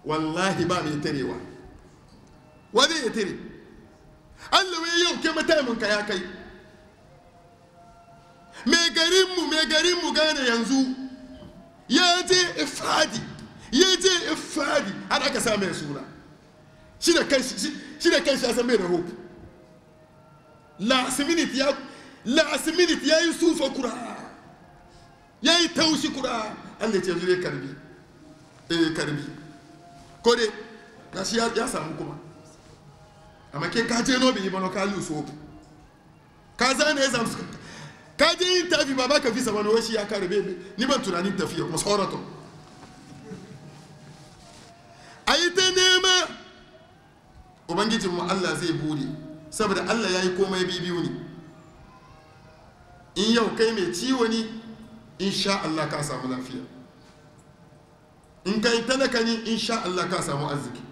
S2: wallahi ba mai tarewa wani ya tare Allah ya yau ke matamin ka ya kai mai garinmu mai garinmu gane yanzu ya je ifradi ya har aka sa mai suna shi da kai shi da kai shi asan mai last minute ya last minute ya yi sufa kura ya yi taushi kura ce zure karbi eh karbi ko dai ya samu kuma amma ke no bi ba no ka zane ka je yin tafi ba baka fi sabani wasu ya kare bebe ni ban tunanin tafiya kuma saurato a yi ta nema ubangijin mu allah zai bude saboda allah ya yi komai bibiyu ne in yau kai mai ciwo ne in sha allah ka samu lafiya in kai talaka ne in sha allah ka samu arziki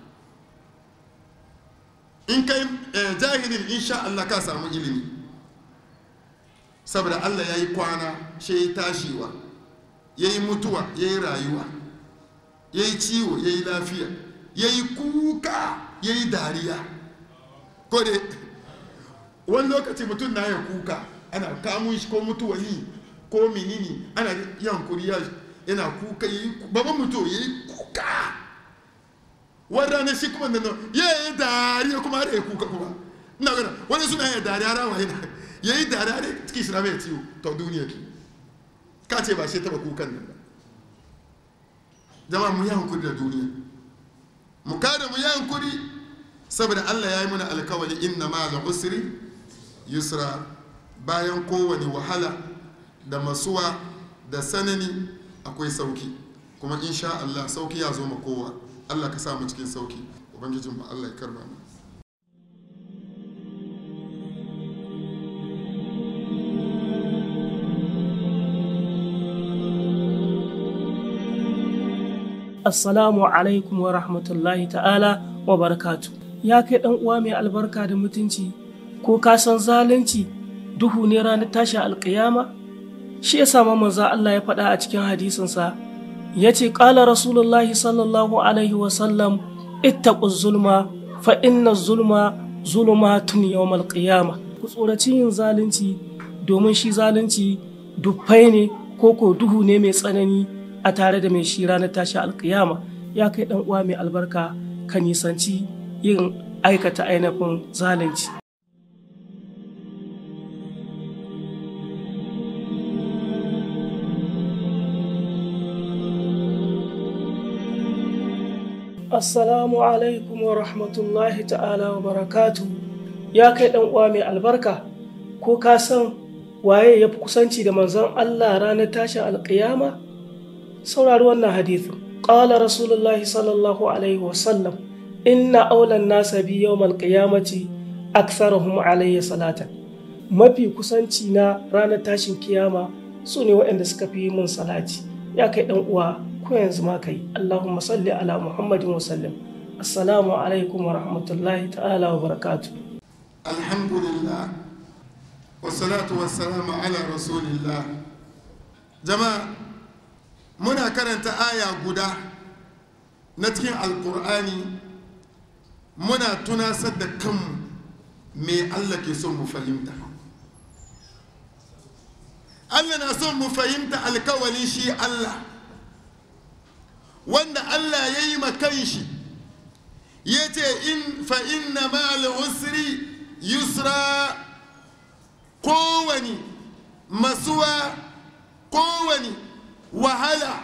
S2: in kai eh, jahilin in sha allah ka samu ilimi saboda allah ya yi kwana shi ya tashiwa ya yi mutuwa ya yi rayuwa ya yi ciwo ya yi lafiya ya yi kuka ya yi dariya ko da wani lokaci mutum na yin kuka ana kamun shi ko mutuwa yi ko minini, ana kuriya yana kuka ya yi babban mutu ya yi kuka wani ranar shi kuma nan ya yi dariya kuma har ya yi kuka kuma wani suna ya dariya rawa yana Yayi yi da harare cikin shi rame ciwo ta duniya ki ka ce ba shi taba kukan nan ba jama'a mu yi hankuri da duniya mu kada mu yi hankuri saboda allah ya yi mana alkawali inna ma da usri yusra bayan kowane wahala da masuwa da sanani akwai sauki kuma insha allah sauki ya zo ma kowa allah ka samu cikin sauki ba allah ya karba mu
S1: assalamu alaikum wa rahmatullahi ta'ala wa barakatu ya kai ɗan uwa mai albarka da mutunci ko ka san zalunci duhu ne ranar tashi alƙiyama shi ya samu manzo Allah ya faɗa a cikin hadisinsa ya ce ƙala rasulullahi sallallahu alaihi wa wasallam ittaqu zulma fa inna zulma zulumatun yawmal qiyama ku tsoraci yin zalunci domin shi zalunci duffai ne ko ko duhu ne mai tsanani a tare da mai shi ranar tashi alkiyama ya kai dan uwa mai albarka ka nisanci yin aikata ainihin zalunci Assalamu alaikum wa rahmatullahi ta'ala wa barakatu ya kai dan uwa mai albarka ko ka san waye ya fi kusanci da manzon Allah ranar tashin alkiyama? saurari wannan hadithin qala rasulullahi sallallahu alaihi wasallam inna aulan nasa bi yawmal a aktharuhum alayya salata. mafi kusanci na ranar tashin kiyama su ne waɗanda suka fi min salati ya kai ɗan uwa ko yanzu ma kai Allahumma salli ala Muhammadin wa assalamu alaikum wa rahmatullahi ta'ala wa barakatu alhamdulillah wa salatu wa salamu ala rasulillah jama'a
S2: muna karanta aya guda na cikin alkur'ani muna tunasar da kanmu me allah ke son mu fahimta allah na son mu fahimta alkawalin shi allah wanda allah ya yi makan shi ya ce in fa'inna ma'al'usri yusra kowani masuwa kowani wahala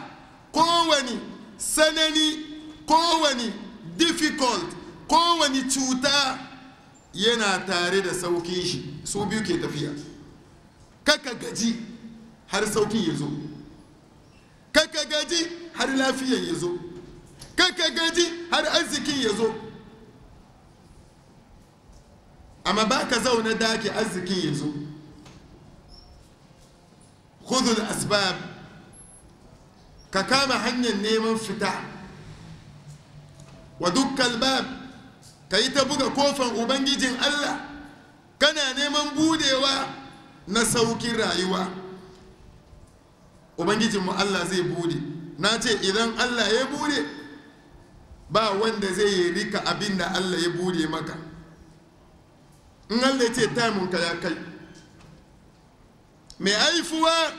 S2: kowani sanani kowani difficult kowani cuta yana tare da saukin shi su biyu ke tafiya kaka gaji har saukin ya zo kaka gaji har lafiyan ya zo kaka gaji har arzikin ya zo amma ba ka zaune daki arzikin ya zo khudul asbab ka kama hanyar neman fita wa dukkan bab ka yi ta buga kofan ubangijin allah kana neman budewa na saukin rayuwa ubangijinmu allah zai bude na ce idan allah ya bude ba wanda zai yi rika abin da allah ya bude maka in allah ce ka ya kai mai haifuwa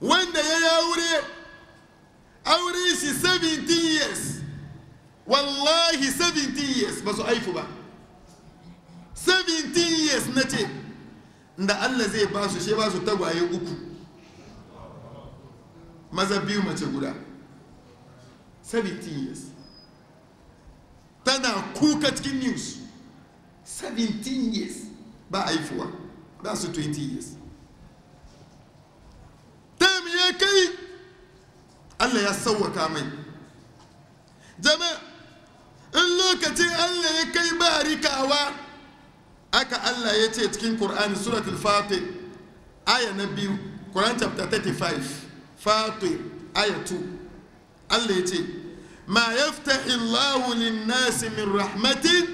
S2: wanda ya yi aure aure shi 17 years wallahi 17 years ba su haifu ba 17 years na ce da allah zai ba su shi ba su tagwaye uku maza biyu mace guda 17 years tana kuka cikin news 17 years ba haifuwa ba su 20 years tam ya kai Allah ya sauwaka mai jama'a in lokacin Allah ya kai ba rikawa aka Allah ya ce cikin Qur'ani suratul Fatir aya na biyu Qur'an chapter 35 Fatir aya 2 Allah ya ce ma yaftahi Allahu lin-nasi min rahmatin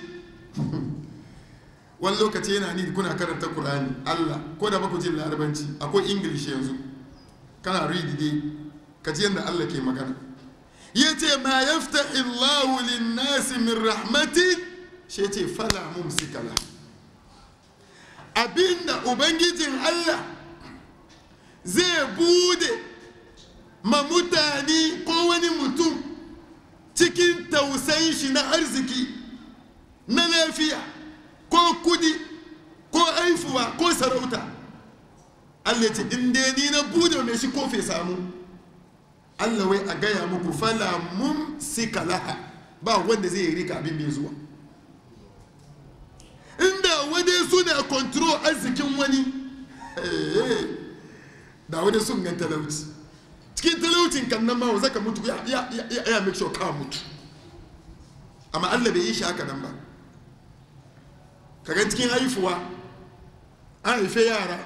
S2: wani lokaci yana ni kuna karanta kur'ani allah ko da baku jin larabanci akwai english yanzu kana read dai kaji ji yadda Allah ke magana ya ce ma yafta illahu linnasi min rahmati shi ce fala mumsikala abinda ubangijin Allah zai bude ma mutane ko wani mutum cikin tausayin shi na arziki na lafiya ko kudi ko aifuwa ko sarauta Allah ce in ni na bude mai shi ko fe samu Allah wai a gaya muku fala mun sika laha ba wanda zai yi rika abin mai zuwa inda wani suna control arzikin wani eh, da wani sun gan talauci cikin talaucin kan nan ma zaka mutu ya ya ya ya make sure ka mutu amma Allah bai yi shi haka nan ba kaga cikin haifuwa an haife yara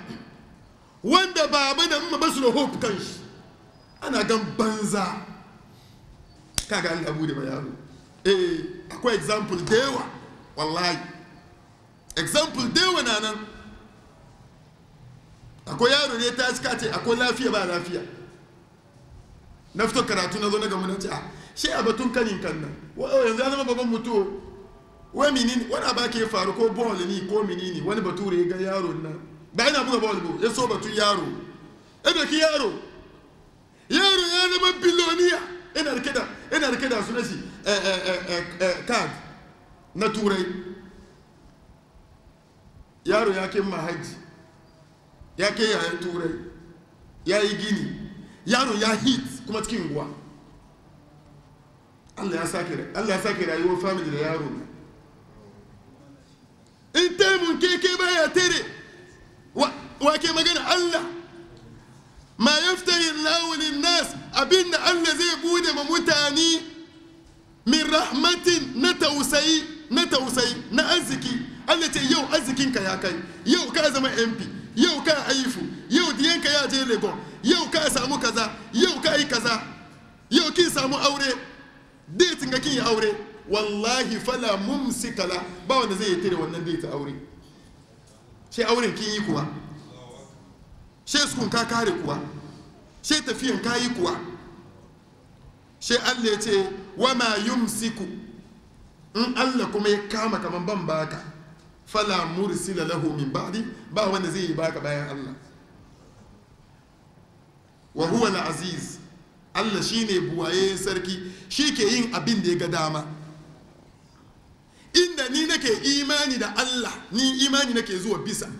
S2: wanda baba da mama ba su da hope kan shi ana gan banza kaga an gabu da yaro eh akwai example da yawa wallahi example da yawa na nan akwai yaro ne ta suka ce akwai lafiya ba lafiya na fito karatu na zo na gamu na ce a ah, shi a batun kanin kan nan oh, yanzu ya zama babban mutuwa wai minin wani abu ke faru ko bol ne ko ne wani bature ya ga yaro nan ba ina buga bol ba ya so batun yaro ebe ki yaro yaro ya zama biloniya ina rike da ina rike da sunan shi eh, eh, eh, card na turai yaro ya ke mahaji ya ke yaya turai ya yi gini yaro ya hit kuma cikin guwa allah ya sake rayuwar family da yaro ne in taimun keke baya tere wa ke magana allah ma yaftahi Allahu nas abinda Allah zai bude ma mutane min rahmatin na tausayi na tausayi na arziki Allah ce yau ka ya kai yau ka zama MP yau ka aifu yau ka ya je Lagos yau ka samu kaza yau ka yi kaza yau kin samu aure dating ga kin yi aure wallahi fala mumsikala ba wanda zai yi tare wannan date aure shi auren kin yi kuma she sukun ka kare kuwa she tafiyan kayi kuwa she allah ya ce wa ma yumsiku in allah kuma ya kama kaman ban baka fala mursila lahu min ba'di ba wanda zai yi baka bayan allah wa huwa aziz Allah shine buwaye sarki shi ke yin abin da ya ga dama inda ni nake imani da Allah ni imani nake zuwa bisa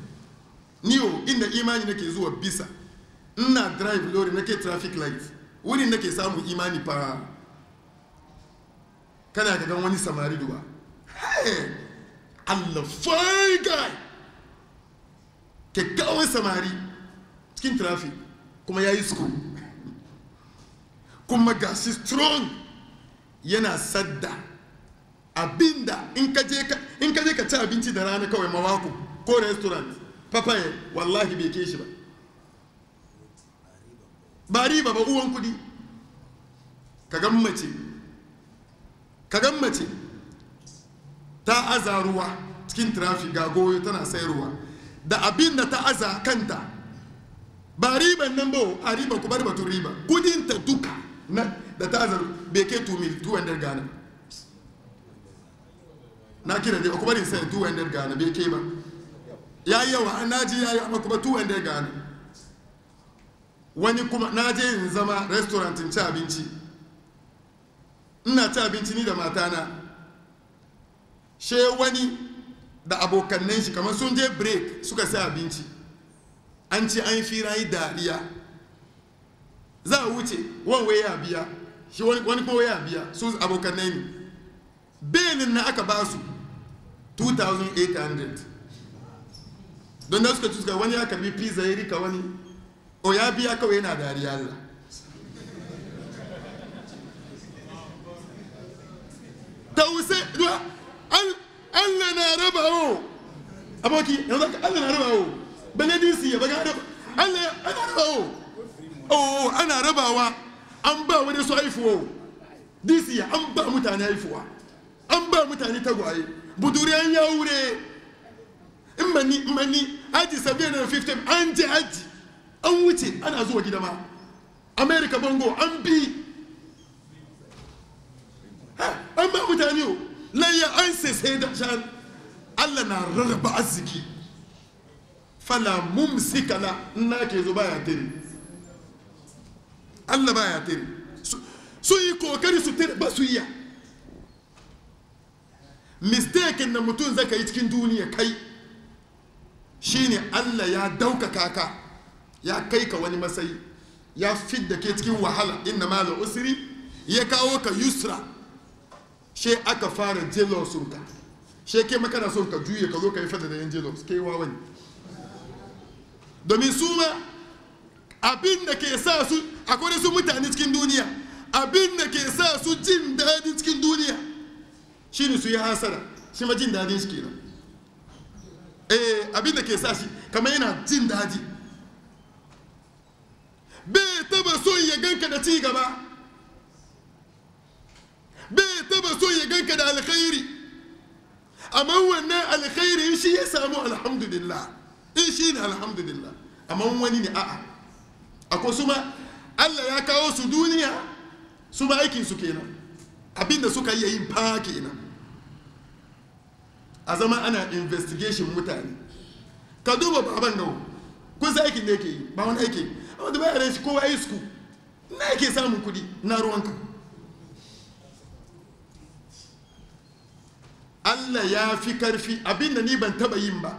S2: ni o inda imani nake zuwa bisa ina drive lori nake traffic light wurin nake samun imani fa kana ka gan wani samari duwa hey allah fine guy kyakkyawan samari cikin traffic kuma ya yi school kuma gashi strong yana sadda abinda in kaje ka ci abinci da rana kawai mawako ko restaurant yi, wallahi bai ke shi ba ba riba ba uwan kudi ka gammace ka gammace ta aza ruwa cikin trafi ga goyo tana sayarwa da abin da ta aza kanta ba riban nan ba a riba ku bar tun riba kudinta duka na da ta aza bai kai 200 gana na kira dai ba ku bari sayar 200 gana bai ke ba ya yi yawa na je ya yi amma kuma tuwon da ya gani wani kuma na je in zama restaurantin ci abinci ina ci abinci ni da matana she wani da abokannin shi kamar sun je break suka sai abinci an ci an fi rayu dariya za a wuce wani ya biya shi wani kuma ya biya su abokannen ne Benin na aka ba su 2800 don da suka cuska wani ya karbi pizza ya rika wani o ya biya kawai yana dariya Allah ta tausai Allah na raba o aboki yanzu ka Allah na raba o benedisi ya baga raba Allah ana raba o o ana rabawa an ba wani su haifuwa disi an ba mutane haifuwa an ba mutane tagwaye buduriyan ya wure in mani mani aji 750 an je aji an wuce ana zuwa gida ma america bango an bi an ba mutane yau layya an se sai da shan allah na rarraba arziki fala si la na ke zo baya tare allah baya tare su yi kokari su tare ba su iya mistake na mutum zaka yi cikin duniya kai shine Allah ya daukaka ka ya kai ka wani matsayi ya fidda ke cikin wahala inna ma usiri, ya kawo ka yusra she aka fara jealousy ka she ke makana son ka juye ka zo ka yi fada da yan jelos ke wawan domin su ma abin da ke sa su akwai su mutane cikin duniya abin da ke sa su jin dadin cikin duniya shine su yi hasara shi ma jin daɗin shi kenan eh abin ke sa shi kamar yana jin daji bai taba son ya ganka da cigaba. gaba bai taba son ya ganka da alkhairi amma wannan alkhairi shi ya samu alhamdulillah in shi ne alhamdulillah amma wani ne a'a akwai su ma allah ya kawo su duniya su ma aikinsu kenan abinda suka yi yi ba kenan a zama ana investigation mutane ka duba baban nawa kun sai aikin da yake yi ba wani aiki amma da bayan shi kowa yi sku na yake samun kudi na ruwanka Allah ya fi karfi abinda ni ban taba yin ba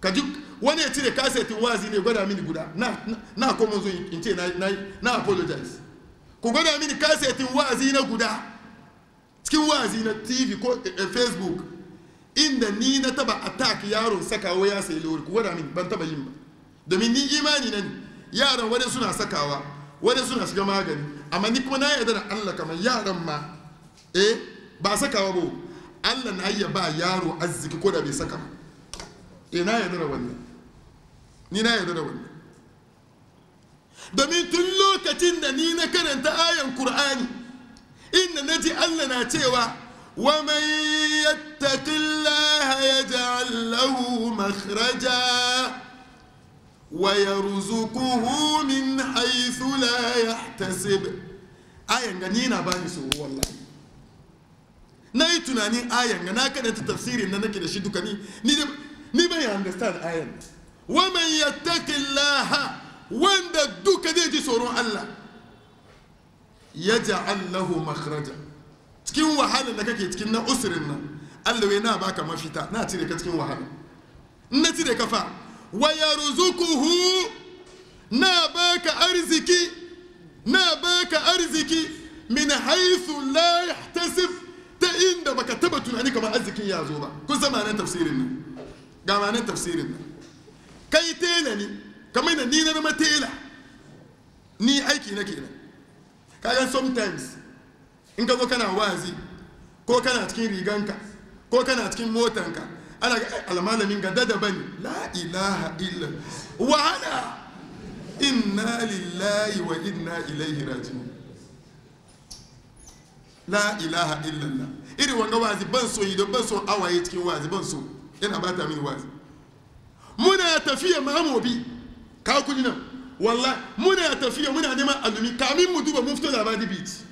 S2: ka ji wani ya cire kasetin wazi ne gwada mini guda na na zo in ce na na apologize ku gwada mini kasetin wazi na guda cikin wazi na tv ko eh, facebook inda ni na taba attack yaron sakawa ya sayi lori ku gwada ban taba yin ba domin ni imani na ne yaran wani suna sakawa wani suna shiga magani amma ni kuma na yarda da Allah kamar yaran ma eh ba sakawa ba Allah na iya ba yaro arziki ko da bai saka eh na yarda da wannan ni na yarda da wannan domin tun lokacin da ni na karanta ayan Qur'ani inda naji Allah na cewa ومن يتق الله يجعل له مخرجا ويرزقه من حيث لا يحتسب ayan ga ni na bani so wallahi na yi tunanin ayan ga na kada ta tafsirin da nake da shi duka ni ni bai understand ayan wa man yattaqillaha wanda duka zai ji tsoron Allah yaj'al lahu makhraja cikin wahalar da kake cikin na usirin nan allawe na baka mafita na cire ka cikin wahala na cire ka fa wa yarzuquhu na baka arziki na baka arziki min haythu la yahtasib ta inda baka taba tunani kamar arzikin ya zo ba kun zama nan tafsirin nan ga nan tafsirin nan kai tela ne kamar na ni na zama tela ni aiki na kenan kaga sometimes in ka zo kana wazi ko kana cikin riganka ko kana cikin motanka ana ga almalamin ga dada ne. la ilaha illa wahala inna lillahi wa inna ilaihi raji'un la ilaha illallah irin wanga wazi ban so yi don ban so awaye cikin wazi ban so yana bata min wazi muna tafiya mamobi ka kuji nan wallahi muna tafiya muna neman alumi kamin mu duba mun fito labari beach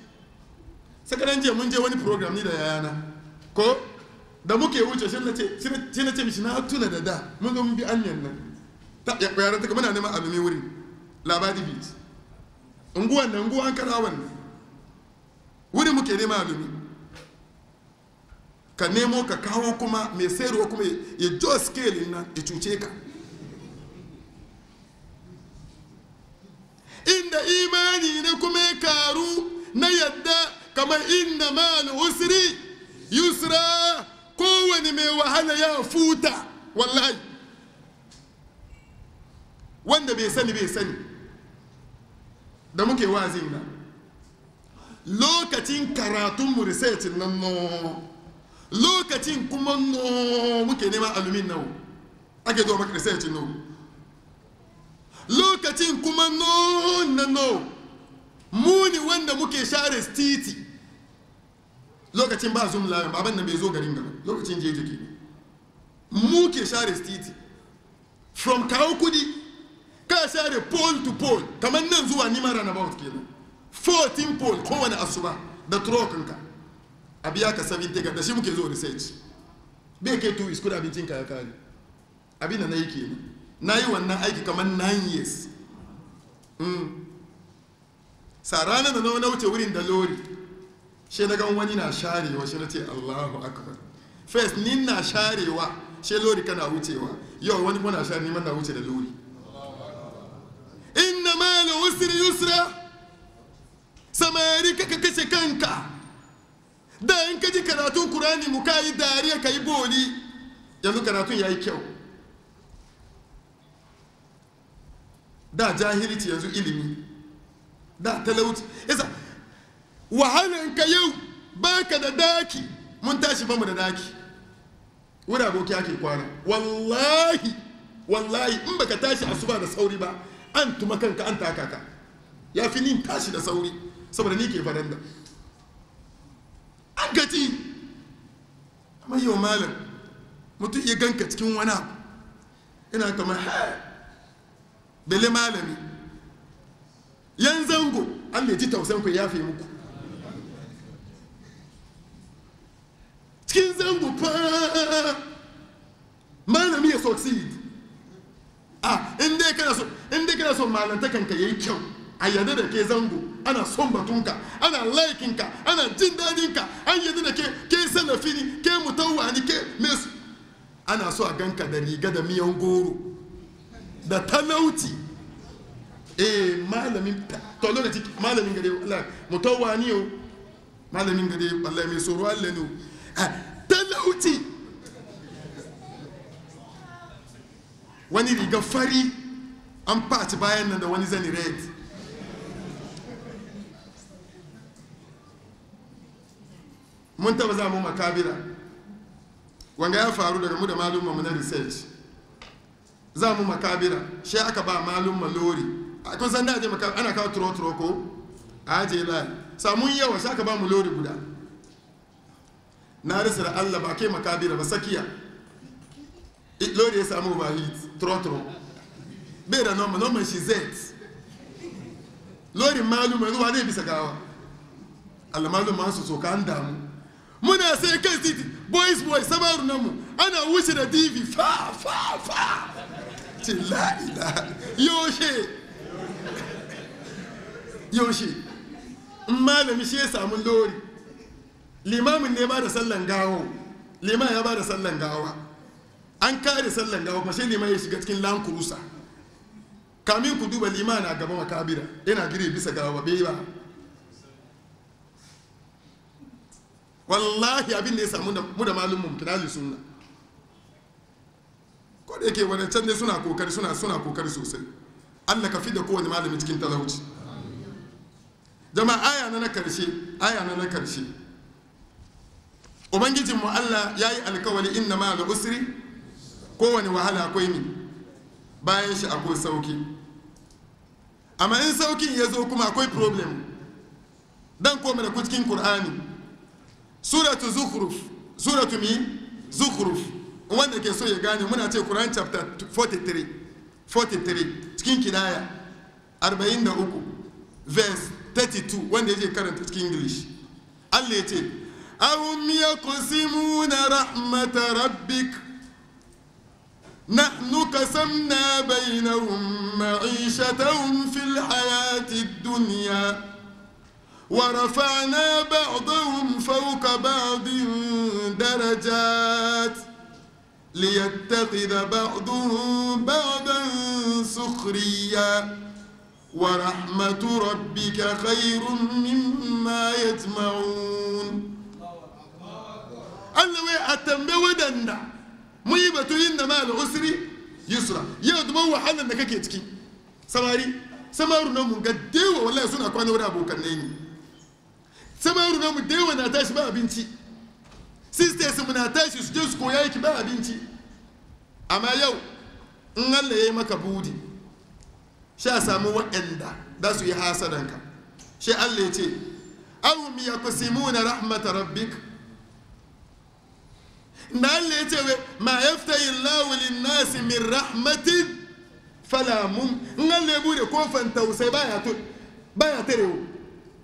S2: sakanan jiya mun je wani program ni da yayana ko da muke wuce shi na ce nace mishi na tuna da da mun zo mun bi anyan nan ta ya yaran ta muna neman abu mai wuri labadi bit unguwan da unguwan karawan wuri muke neman abu ka nemo ka kawo kuma mai sayarwa kuma ya jo scale nan ya cuce ka inda imani na kuma ya karu na yadda kamar inna mal usri yusra kowane mai wahala ya futa wallahi wanda bai sani bai sani da muke wazin nan lokacin karatun mu research nan no lokacin kuma no muke neman alumin nan ake zuwa maka research no lokacin kuma no nan no muni wanda muke share titi lokacin ba zum lawan baban nan bai zo garin gaba lokacin jeje ke mu ke share titi from kawo kudi ka share pole to pole kamar nan zuwa nima runabout nan 14 pole kowane asuba da trokinka a biya ka 70 ga da shi muke zo research bai kai 2 is kuda abincin ka ya kare abin da na yi kenan na yi wannan aiki kamar 9 years hmm. sa ranar da na wuce wurin da lori she na gan wani na sharewa she na ce allahu akbar first ni na sharewa she lori kana wucewa yau wani kuma na share neman na wuce da lori inna ma la usri yusra samari kaka ka kashe kanka da in ka ji karatun kurani mu kayi dariya ka yi boli yanzu karatun ya yi kyau da jahilci yanzu ilimi da talauci wahalinka yau baka da daki mun tashi famu da daki wuri aboki ake kwana wallahi wallahi in baka tashi asuba da sauri ba an tuma kanka an taka ka ya fi nin tashi da sauri saboda ni ke faɗan da an gaji amma yau malam mutum iya ganka cikin wani abu ina kamar ha bele malami yan zango an mai ji tausan ku ya fi muku cikin zango fa malami ya succeed a inda kana so inda kana so ta ka yayi kyau a yadda da ke zango ana son batunka ana laikinka ka ana jin dadin ka an yadda da ke ke salafi ne ke mutawwa ne ke mes ana so a ganka da riga da miyan goro da talauci eh malamin tolerance malamin gare Allah mutawwa ne malamin gare wallahi mai soro Allah ne talauci wani riga fari an pati bayan nan da wani zani red mun taba za mu makabira wanga ya faru daga mu da malumma mu na research za mu makabira shi aka ba malumma lori a kun san da ana kawo turo-turo ko a ajiye layi samun yawa shi aka ba mu lori guda na rasa da allah ba kai makabira ba sakiya lori ya samu overheat trotro bai da noma noma shi zet lori malu mai ruwa zai bisa gawa allah malu masu so ka an damu muna sai kan titi boys boys sabaru namu ana wuce da dv fa fa fa ce la'ila yoshe yoshe in malami shi ya samu lori limamin ne ba da sallan gawo liman ya ba da sallan gawa an kare sallan gawa kuma sai liman ya shiga cikin lankurusa kamin ku duba liman na gaba makabira yana gire bisa gawa bai ba wallahi abin da ya samu mu da malin mumkinali sunna ko da yake can ne suna kokari suna suna kokari sosai allah ka fi da kowane malamin cikin talauci jama'a aya na na karshe aya na na karshe ubangijin mu Allah ya yi alkawali inna ma ga usri kowane wahala akwai ni bayan shi akwai sauki amma in saukin ya zo kuma akwai problem dan koma da cikin ƙur'ani suratu zukhruf suratu mi wanda ke so ya gane muna ce ƙur'an chapter 43 43 cikin kidaya 43 verse 32 wanda yake karanta cikin english Allah ya ce أهم يقسمون رحمة ربك نحن قسمنا بينهم معيشتهم في الحياة الدنيا ورفعنا بعضهم فوق بعض درجات ليتخذ بعضهم بعضا سخريا ورحمة ربك خير مما يجمعون Allah wai a tambayi wadanda mun yi batun yin da ma al'usri yusra yau da wahalar da kake ciki samari samaru na mun ga dewa wallahi suna kwana wani abokan ne samaru na mu dewa na tashi ba abinci sisters mu na tashi su je su koya yake ba abinci amma yau in Allah ya yi maka budi sha samu waɗanda za su yi hasadanka shi Allah ya ce awum yaqsimuna rahmata rabbika inda Allah ya ce ma yafta Allahu lin-nasi min rahmatin fala mun in Allah ya bude kofan tausai baya to baya tarewo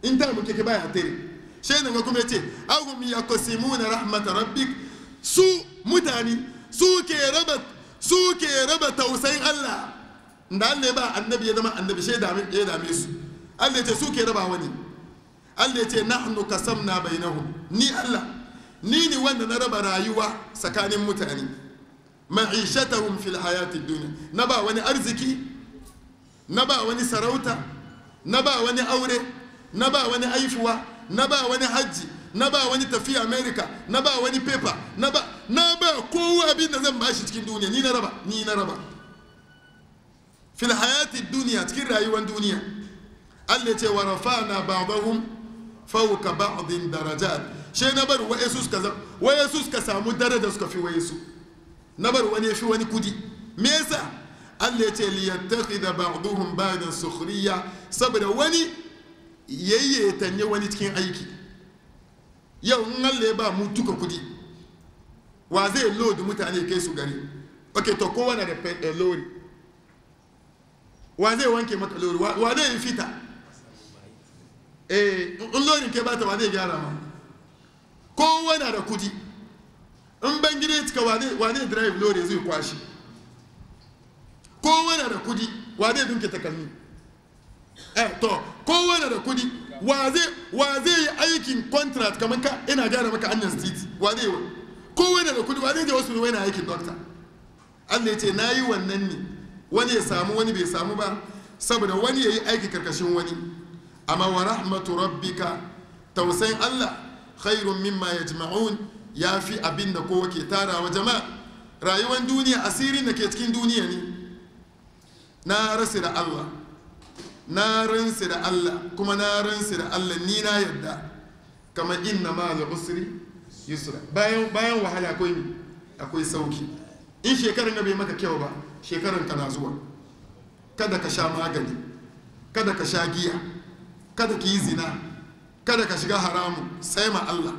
S2: in ta muke ke baya tare shi ne kuma ya ce ahum yaqsimuna rahmat rabbik su mutane su ke raba su ke raba tausayin Allah da Allah ya ba annabi ya zama annabi shi dame ya dame su Allah ya ce su ke raba wani Allah ya ce nahnu qasamna bainahum ni Allah ni ne wanda na raba rayuwa tsakanin mutane ma'ishatahum fil hayati duniya na ba wani arziki na ba wani sarauta na ba wani aure na ba wani aifuwa na ba wani hajji na ba wani tafiya america na ba wani paper na ba na ba kowa abin da zan bashi cikin duniya ni na raba ni na raba fil hayati duniya cikin rayuwar duniya Allah ce wa rafa'na ba'dahum fawqa ba'din darajat she na bar wa'yansu suka zam wa'yansu suka samu daraja suka fi wa'yansu na bar wani ya fi wani kudi me yasa Allah ya ce liyattakhidha ba'dhum ba'dan sukhriya saboda wani yayye ne wani cikin aiki yau in Allah ya ba mu tuka kudi wa zai load mutane kai su gari okay to kowa na da eh, lori wa zai wanke maka lori wa zai fita eh in lorin ke ta wa zai gyara ma kowa na da kudi in ban gida ya cika wane drive lori zai kwashi kowa na da kudi wa zai dunke takalmi eh to kowa na da kudi wa zai yi aikin contract kamar ka ina gyara maka annan street wa zai yi kowa na da kudi wa zai je wasu wani aikin doctor Allah ya ce na yi wannan ne wani ya samu wani bai samu ba saboda wani ya yi aiki karkashin wani amma wa rahmatu rabbika tausayin Allah khairun mimma yajma'un ya fi abin da kowa ke tara tarawa jama'a rayuwar duniya asirin da ke cikin duniya ne na rasu da Allah na rinsu da Allah kuma na rinsu da Allah ni na yadda kamar inna ma da usri yusra bayan bayan wahala akwai akwai sauki in shekarar na bai maka kyau ba shekarar ka na zuwa kada ka sha magani kada ka sha giya kada ki yi zina kada ka shiga haramun sai ma Allah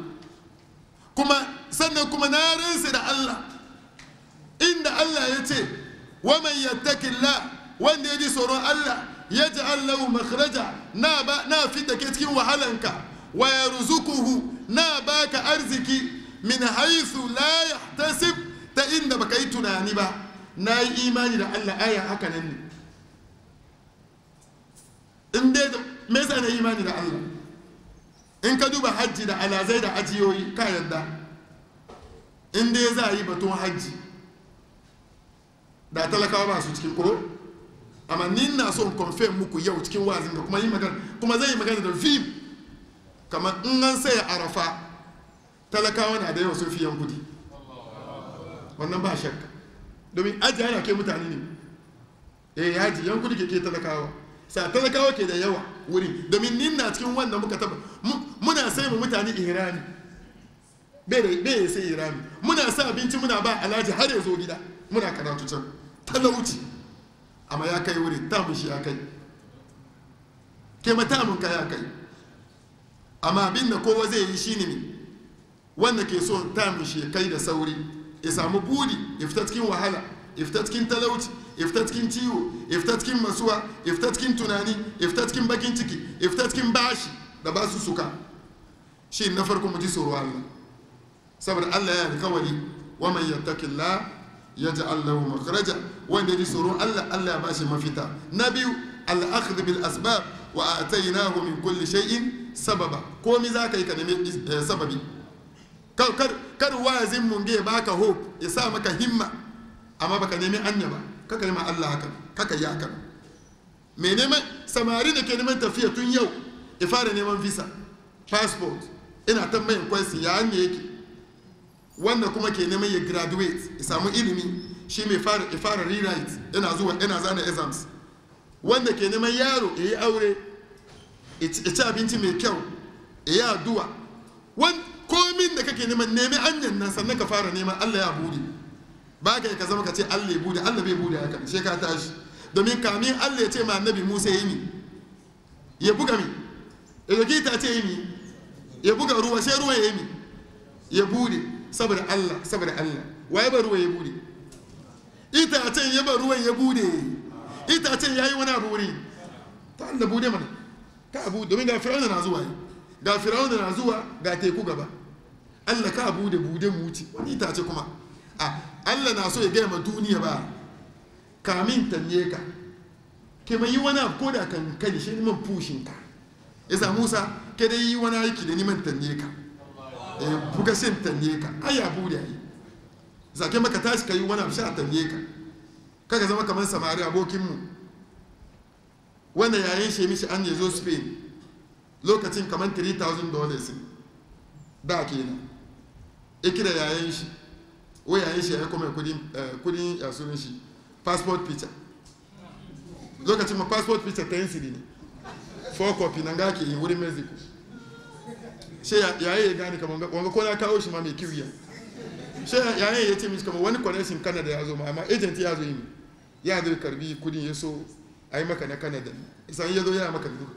S2: kuma sannan kuma na rinsu da Allah inda Allah ya ce wa man yattaqillah wanda ya ji tsoron Allah ya ji Allah makhraja na ba na fita ke cikin wahalanka wa yarzuquhu na baka arziki min haythu la yahtasib ta inda baka yi tunani ba na yi imani da Allah aya haka nan ne in dai me yasa na imani da Allah in ka duba hajji da alazai da ajiyoyi ka yadda in ya za a yi batun hajji da talakawa ba su cikin ko amma ni na son confirm muku yau cikin wazin da kuma yi magana kuma zai yi magana da fim kamar in an saya arafa talakawa na da yawa sun fi yan kudi wannan ba shakka domin aji yana ke mutane ne eh yaji yan kudi ke ke talakawa sa talakawa ke da yawa wuri domin ni na cikin wannan muka taba muna sai mu mutane irani bai ya sai irani muna sa abinci muna ba alhaji har ya zo gida muna karatu can talauci amma ya kai wuri ta shi ya kai ke mun kai ya kai amma abin da kowa zai yi shine ne wanda ke so ta shi ya kai da sauri ya samu buri ya fita cikin wahala افتتكين تلوت افتتكين تيو افتتكين مسوا افتتكين تناني افتتكين باكين تكي افتتكين باشي ده باسو سوكا شي نفركم مجي سوروا الله صبر الله يعني كوالي ومن يتق الله يجعل له مخرجا وين دي سوروا الله الله باشي مفيتا نبي الاخذ بالاسباب واتيناه من كل شيء سببا كومي زاكا يكلمي إيه، سببي كر كر وازم مونجي باكا هوب يسامك همه amma baka nemi anya ba kaka nema Allah haka kaka yi haka me neman samari da ke neman tafiya tun yau ya fara neman visa passport ina ta mai kwansi ya ne yake wannan kuma ke neman ya graduate ya samu ilimi shi mai fara ya fara rewrite ina zuwa ina zana exams wanda ke neman yaro ya yi aure ya ci abinci mai kyau ya yi addu'a komin da kake neman nemi anyan nan sannan ka fara neman Allah ya buri ba ka zama ka ce allah bude allah bai bude haka sai ka tashi domin kamin allah ya ce ma annabi musa yi ni ya buga mi ya zaki ta ce yi ni ya buga ruwa sai ruwa ya yi mi ya bude saboda allah saboda allah waye ba ruwa ya bude Ita ce ya ba ruwan ya bude Ita ce ya yi wani abu wuri ta allah bude mana ka abu domin ga fir'auna na zuwa ga fir'auna na zuwa ga teku gaba allah ka abu da bude mu wuce wani ce kuma a ah, allah na so ya gaya ma duniya ba kamin tanye ka ke mai yi wani abu ko da kan kai shi man fushin ka isa musa ke dai yi wani aiki da niman tanye ka eh, buga sin tanye ka ai abu da yi zake maka tashi ka yi wani abu sha tanye ka kaga zama kamar samari abokinmu wanda yayin shi mishi an yazo spain lokacin kamar 3000 dollars da kenan ikira yayin shi yɛ shi ya kuma kudin ya sunan shi passport picture lokacin ma passport picture ta yin siri ne four kɔpi nan ga ke yi wurin mexico shi ya yi ya gane kama wanga ko na kawo shi ma mai kiwiya shi ya yi ya ce mishi kamar wani connection canada ya zo ma amma agent ya zo yi ne ya zai karbi kudin ya so a yi maka na canada isan ya zo yɛ maka duka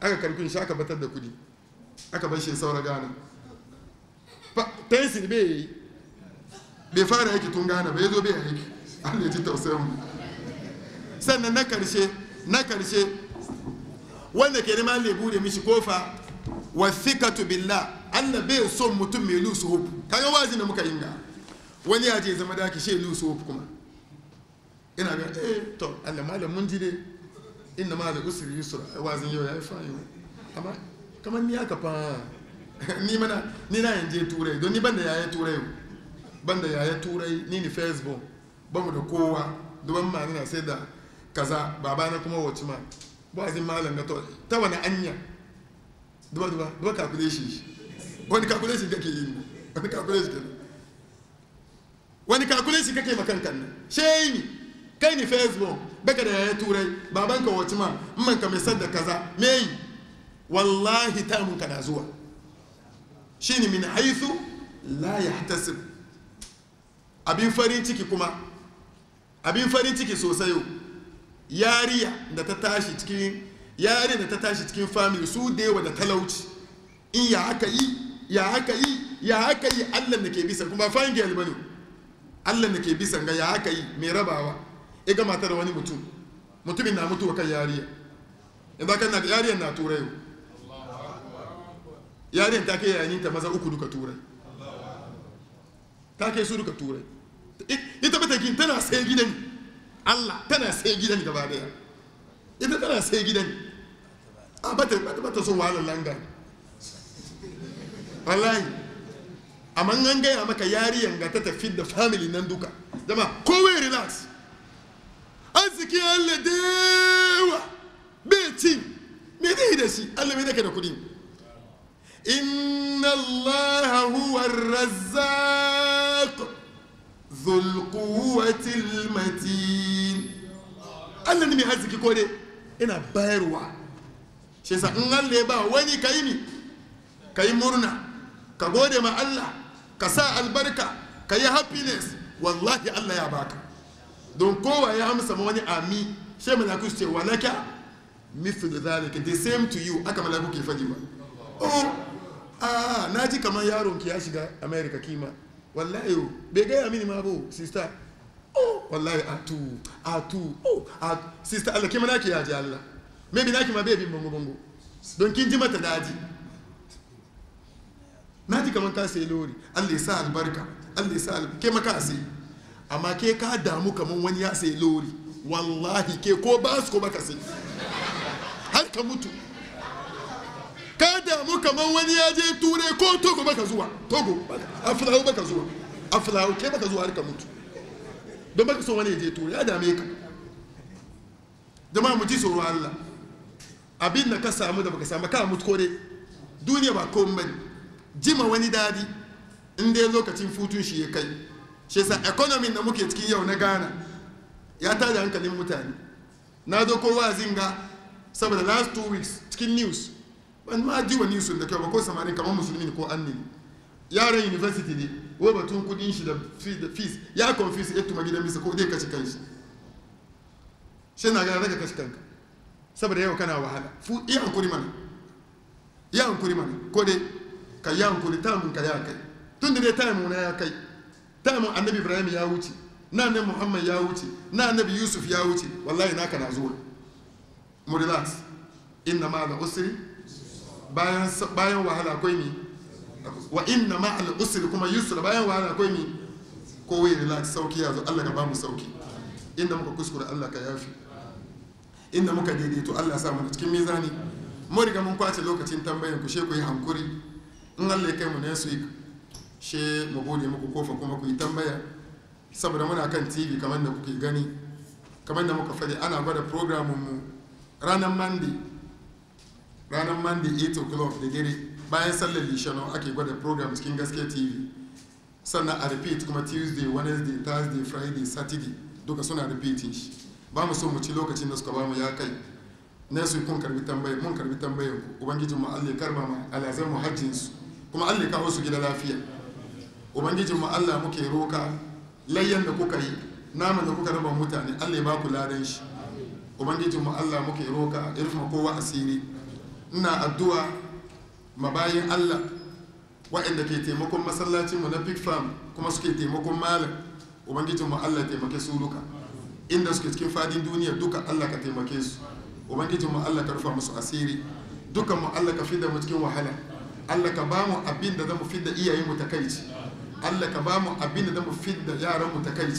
S2: aka karbi shi aka batar da kudi aka ba shi saura gane tensin bai yi bai fara aiki tun gane ba ya zo bai aiki allah ya ji tausayin mu sannan na karshe na karshe wanda ke neman lebu da mishi kofa wasikatu billah allah bai son mutum mai lusu hope kaga wazi da muka yinga wani ya je zama daki shi lusu hope kuma ina ga eh to allah malam mun ji dai inna ma da usri yusra wazin yau yayi fani amma kamar ni aka fa ni mana ni na yanje turai don ni ban da yayi turai banda yaya turai ni ni facebook ba mu da kowa duban ma na sai da kaza baba na kuma wace ma ba zai malam ga to ta wani anya duba duba duba calculation shi wani calculation kake yi wani calculation kake wani calculation kake makan kan nan ni kai ni facebook baka da yaya turai baban ka wace ma man ka mai sadda kaza me wallahi ta mun kana zuwa shine min haithu la yahtasib abin farin ciki kuma abin farin ciki sosai yariya da ta tashi cikin yariya da ta tashi cikin family su da yawa da talauci in ya haka yi ya haka yi ya haka yi allah da ke bisa kuma fine girl bane allah da ke bisa ga ya haka yi mai rabawa ya gama tara wani mutum mutumin na mutuwa kan yariya idan kan na yariya na turai yariya ta kai yayin ta maza uku duka turai ta kai su duka turai ita matakin tana sai gidan Allah tana sai gidan gaba daya ita tana sai gidan a ah, bata bata bata son wahalar langa wallahi amma an gaya maka yariyan ga ta tafi da family nan duka zama kowai relax arziki Allah dewa beti bai ci me dai da shi Allah mai nake da kudi inna Allah huwa razzaq ذو Allah ne mai arziki ko ina bayarwa shi yasa in Allah ya ba wani kai ni murna ka gode ma Allah ka sa albarka ka yi happiness wallahi Allah ya baka don kowa ya amsa ma wani ami shi malaku su ce walaka mithlu zalika the same to you aka malaku ke fadi ba oh ah ji kamar yaron ki ya shiga America kima wallahi bai gaya mini ma bo sista oh wallahi atu atu oh atu sista Allah kima mana ke yaji Allah maybe naki ma bebi bongo bongo don kin ji mata daji na ji kamar ka sai lori Allah ya sa albarka Allah ya sa albarka ke maka sai amma ke ka damu kamar wani ya sai lori wallahi ke ko ba su ko baka sai har ka mutu ka damu kamar wani ya je Ture ko togo baka zuwa togo afirawo baka zuwa afirawo ke baka zuwa har ka mutu don baka so wani ya je Ture ya dame ka jama'a mu ji tsoron allah abin da ka samu da baka samu ka mutu kore duniya ba komai bane jima wani dadi in dai lokacin futun shi ya kai shi yasa economy da muke cikin yau na ghana ya tada hankalin mutane na zo kowa zinga saboda last two weeks cikin news ban ma ji wani sun da kyau ba ko samarin kamar musulmi ne ko annin yaran university ne wai batun kudin shi da fees ya confuse ya tuma gidan bisa ko dai kashi kan shi na gana daga kashi ka saboda yau kana wahala fu iya hankuri mana iya hankuri mana ko dai ka yi hankuri ta mun ka ya kai tun da dai ta mun ya kai ta mun annabi ibrahim ya wuce na nan muhammad ya wuce na annabi yusuf ya wuce wallahi naka na zuwa mu relax inna ma'a usri bayan wahala akwai ne wa inna ma al usri kuma yusra bayan wahala akwai ne ko wai relax sauki yazo Allah ka ba mu sauki inda muka kuskura Allah ka yafi inda muka daidaito Allah ya sa mu cikin mizani mu riga mun kwace lokacin tambayan ku she ku yi hankuri in Allah ya kai mu ne su she mu gode muku kofa kuma ku yi tambaya saboda muna kan TV kamar da kuke gani kamar da muka faɗi ana gwada program mu ranar Monday ranar monday 8 o'clock da dare bayan sallar lishano ake gwada program cikin gaske tv sannan a repeat kuma tuesday wednesday thursday friday saturday duka suna repeating shi ba mu so mu ci lokacin da suka ba mu ya kai na su kun karbi tambaye mun karbi tambaye ubangijin mu Allah karba ma alazan mu hajjin su kuma Allah kawo su gida lafiya ubangijin mu Allah muke roka layyan da kuka yi naman da kuka raba mutane Allah ya ba ku ladan shi ubangijin mu Allah muke roka irin kowa asiri ina addu'a ma bayan allah waɗanda ke taimakon masallacinmu na pig farm kuma suke taimakon malam ubangijinmu allah taimake su duka inda suke cikin fadin duniya duka allah ka taimake su ubangijinmu allah ka rufa musu asiri dukanmu allah ka fidda mu cikin wahala allah ka ba mu abin da zamu fidda iyayenmu ta kai allah ka ba mu abin da zamu fidda yaranmu ta kai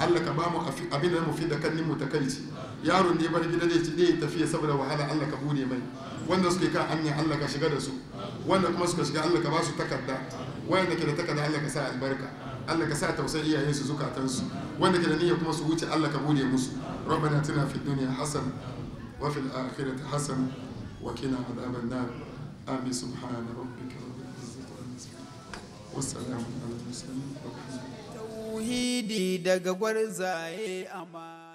S2: allah ka ba mu abin da zamu fidda kanninmu ta kai yaron da ya bar gida zai ci zai tafiya saboda wahala Allah ka bude mai wanda suke kan hanya Allah ka shiga da su wanda kuma suka shiga Allah ka ba su takarda wanda ke da takarda Allah ka sa albarka Allah ka sa tausayin iyayen su zukatan su wanda ke da niyya kuma su wuce Allah ka bude musu rabbana tina fid dunya hasana wa fil akhirati hasana wa kina adhaban nar amin subhana rabbika rabbil izzati wassalamu
S1: ala al mursalin tauhidi daga gwarzaye amma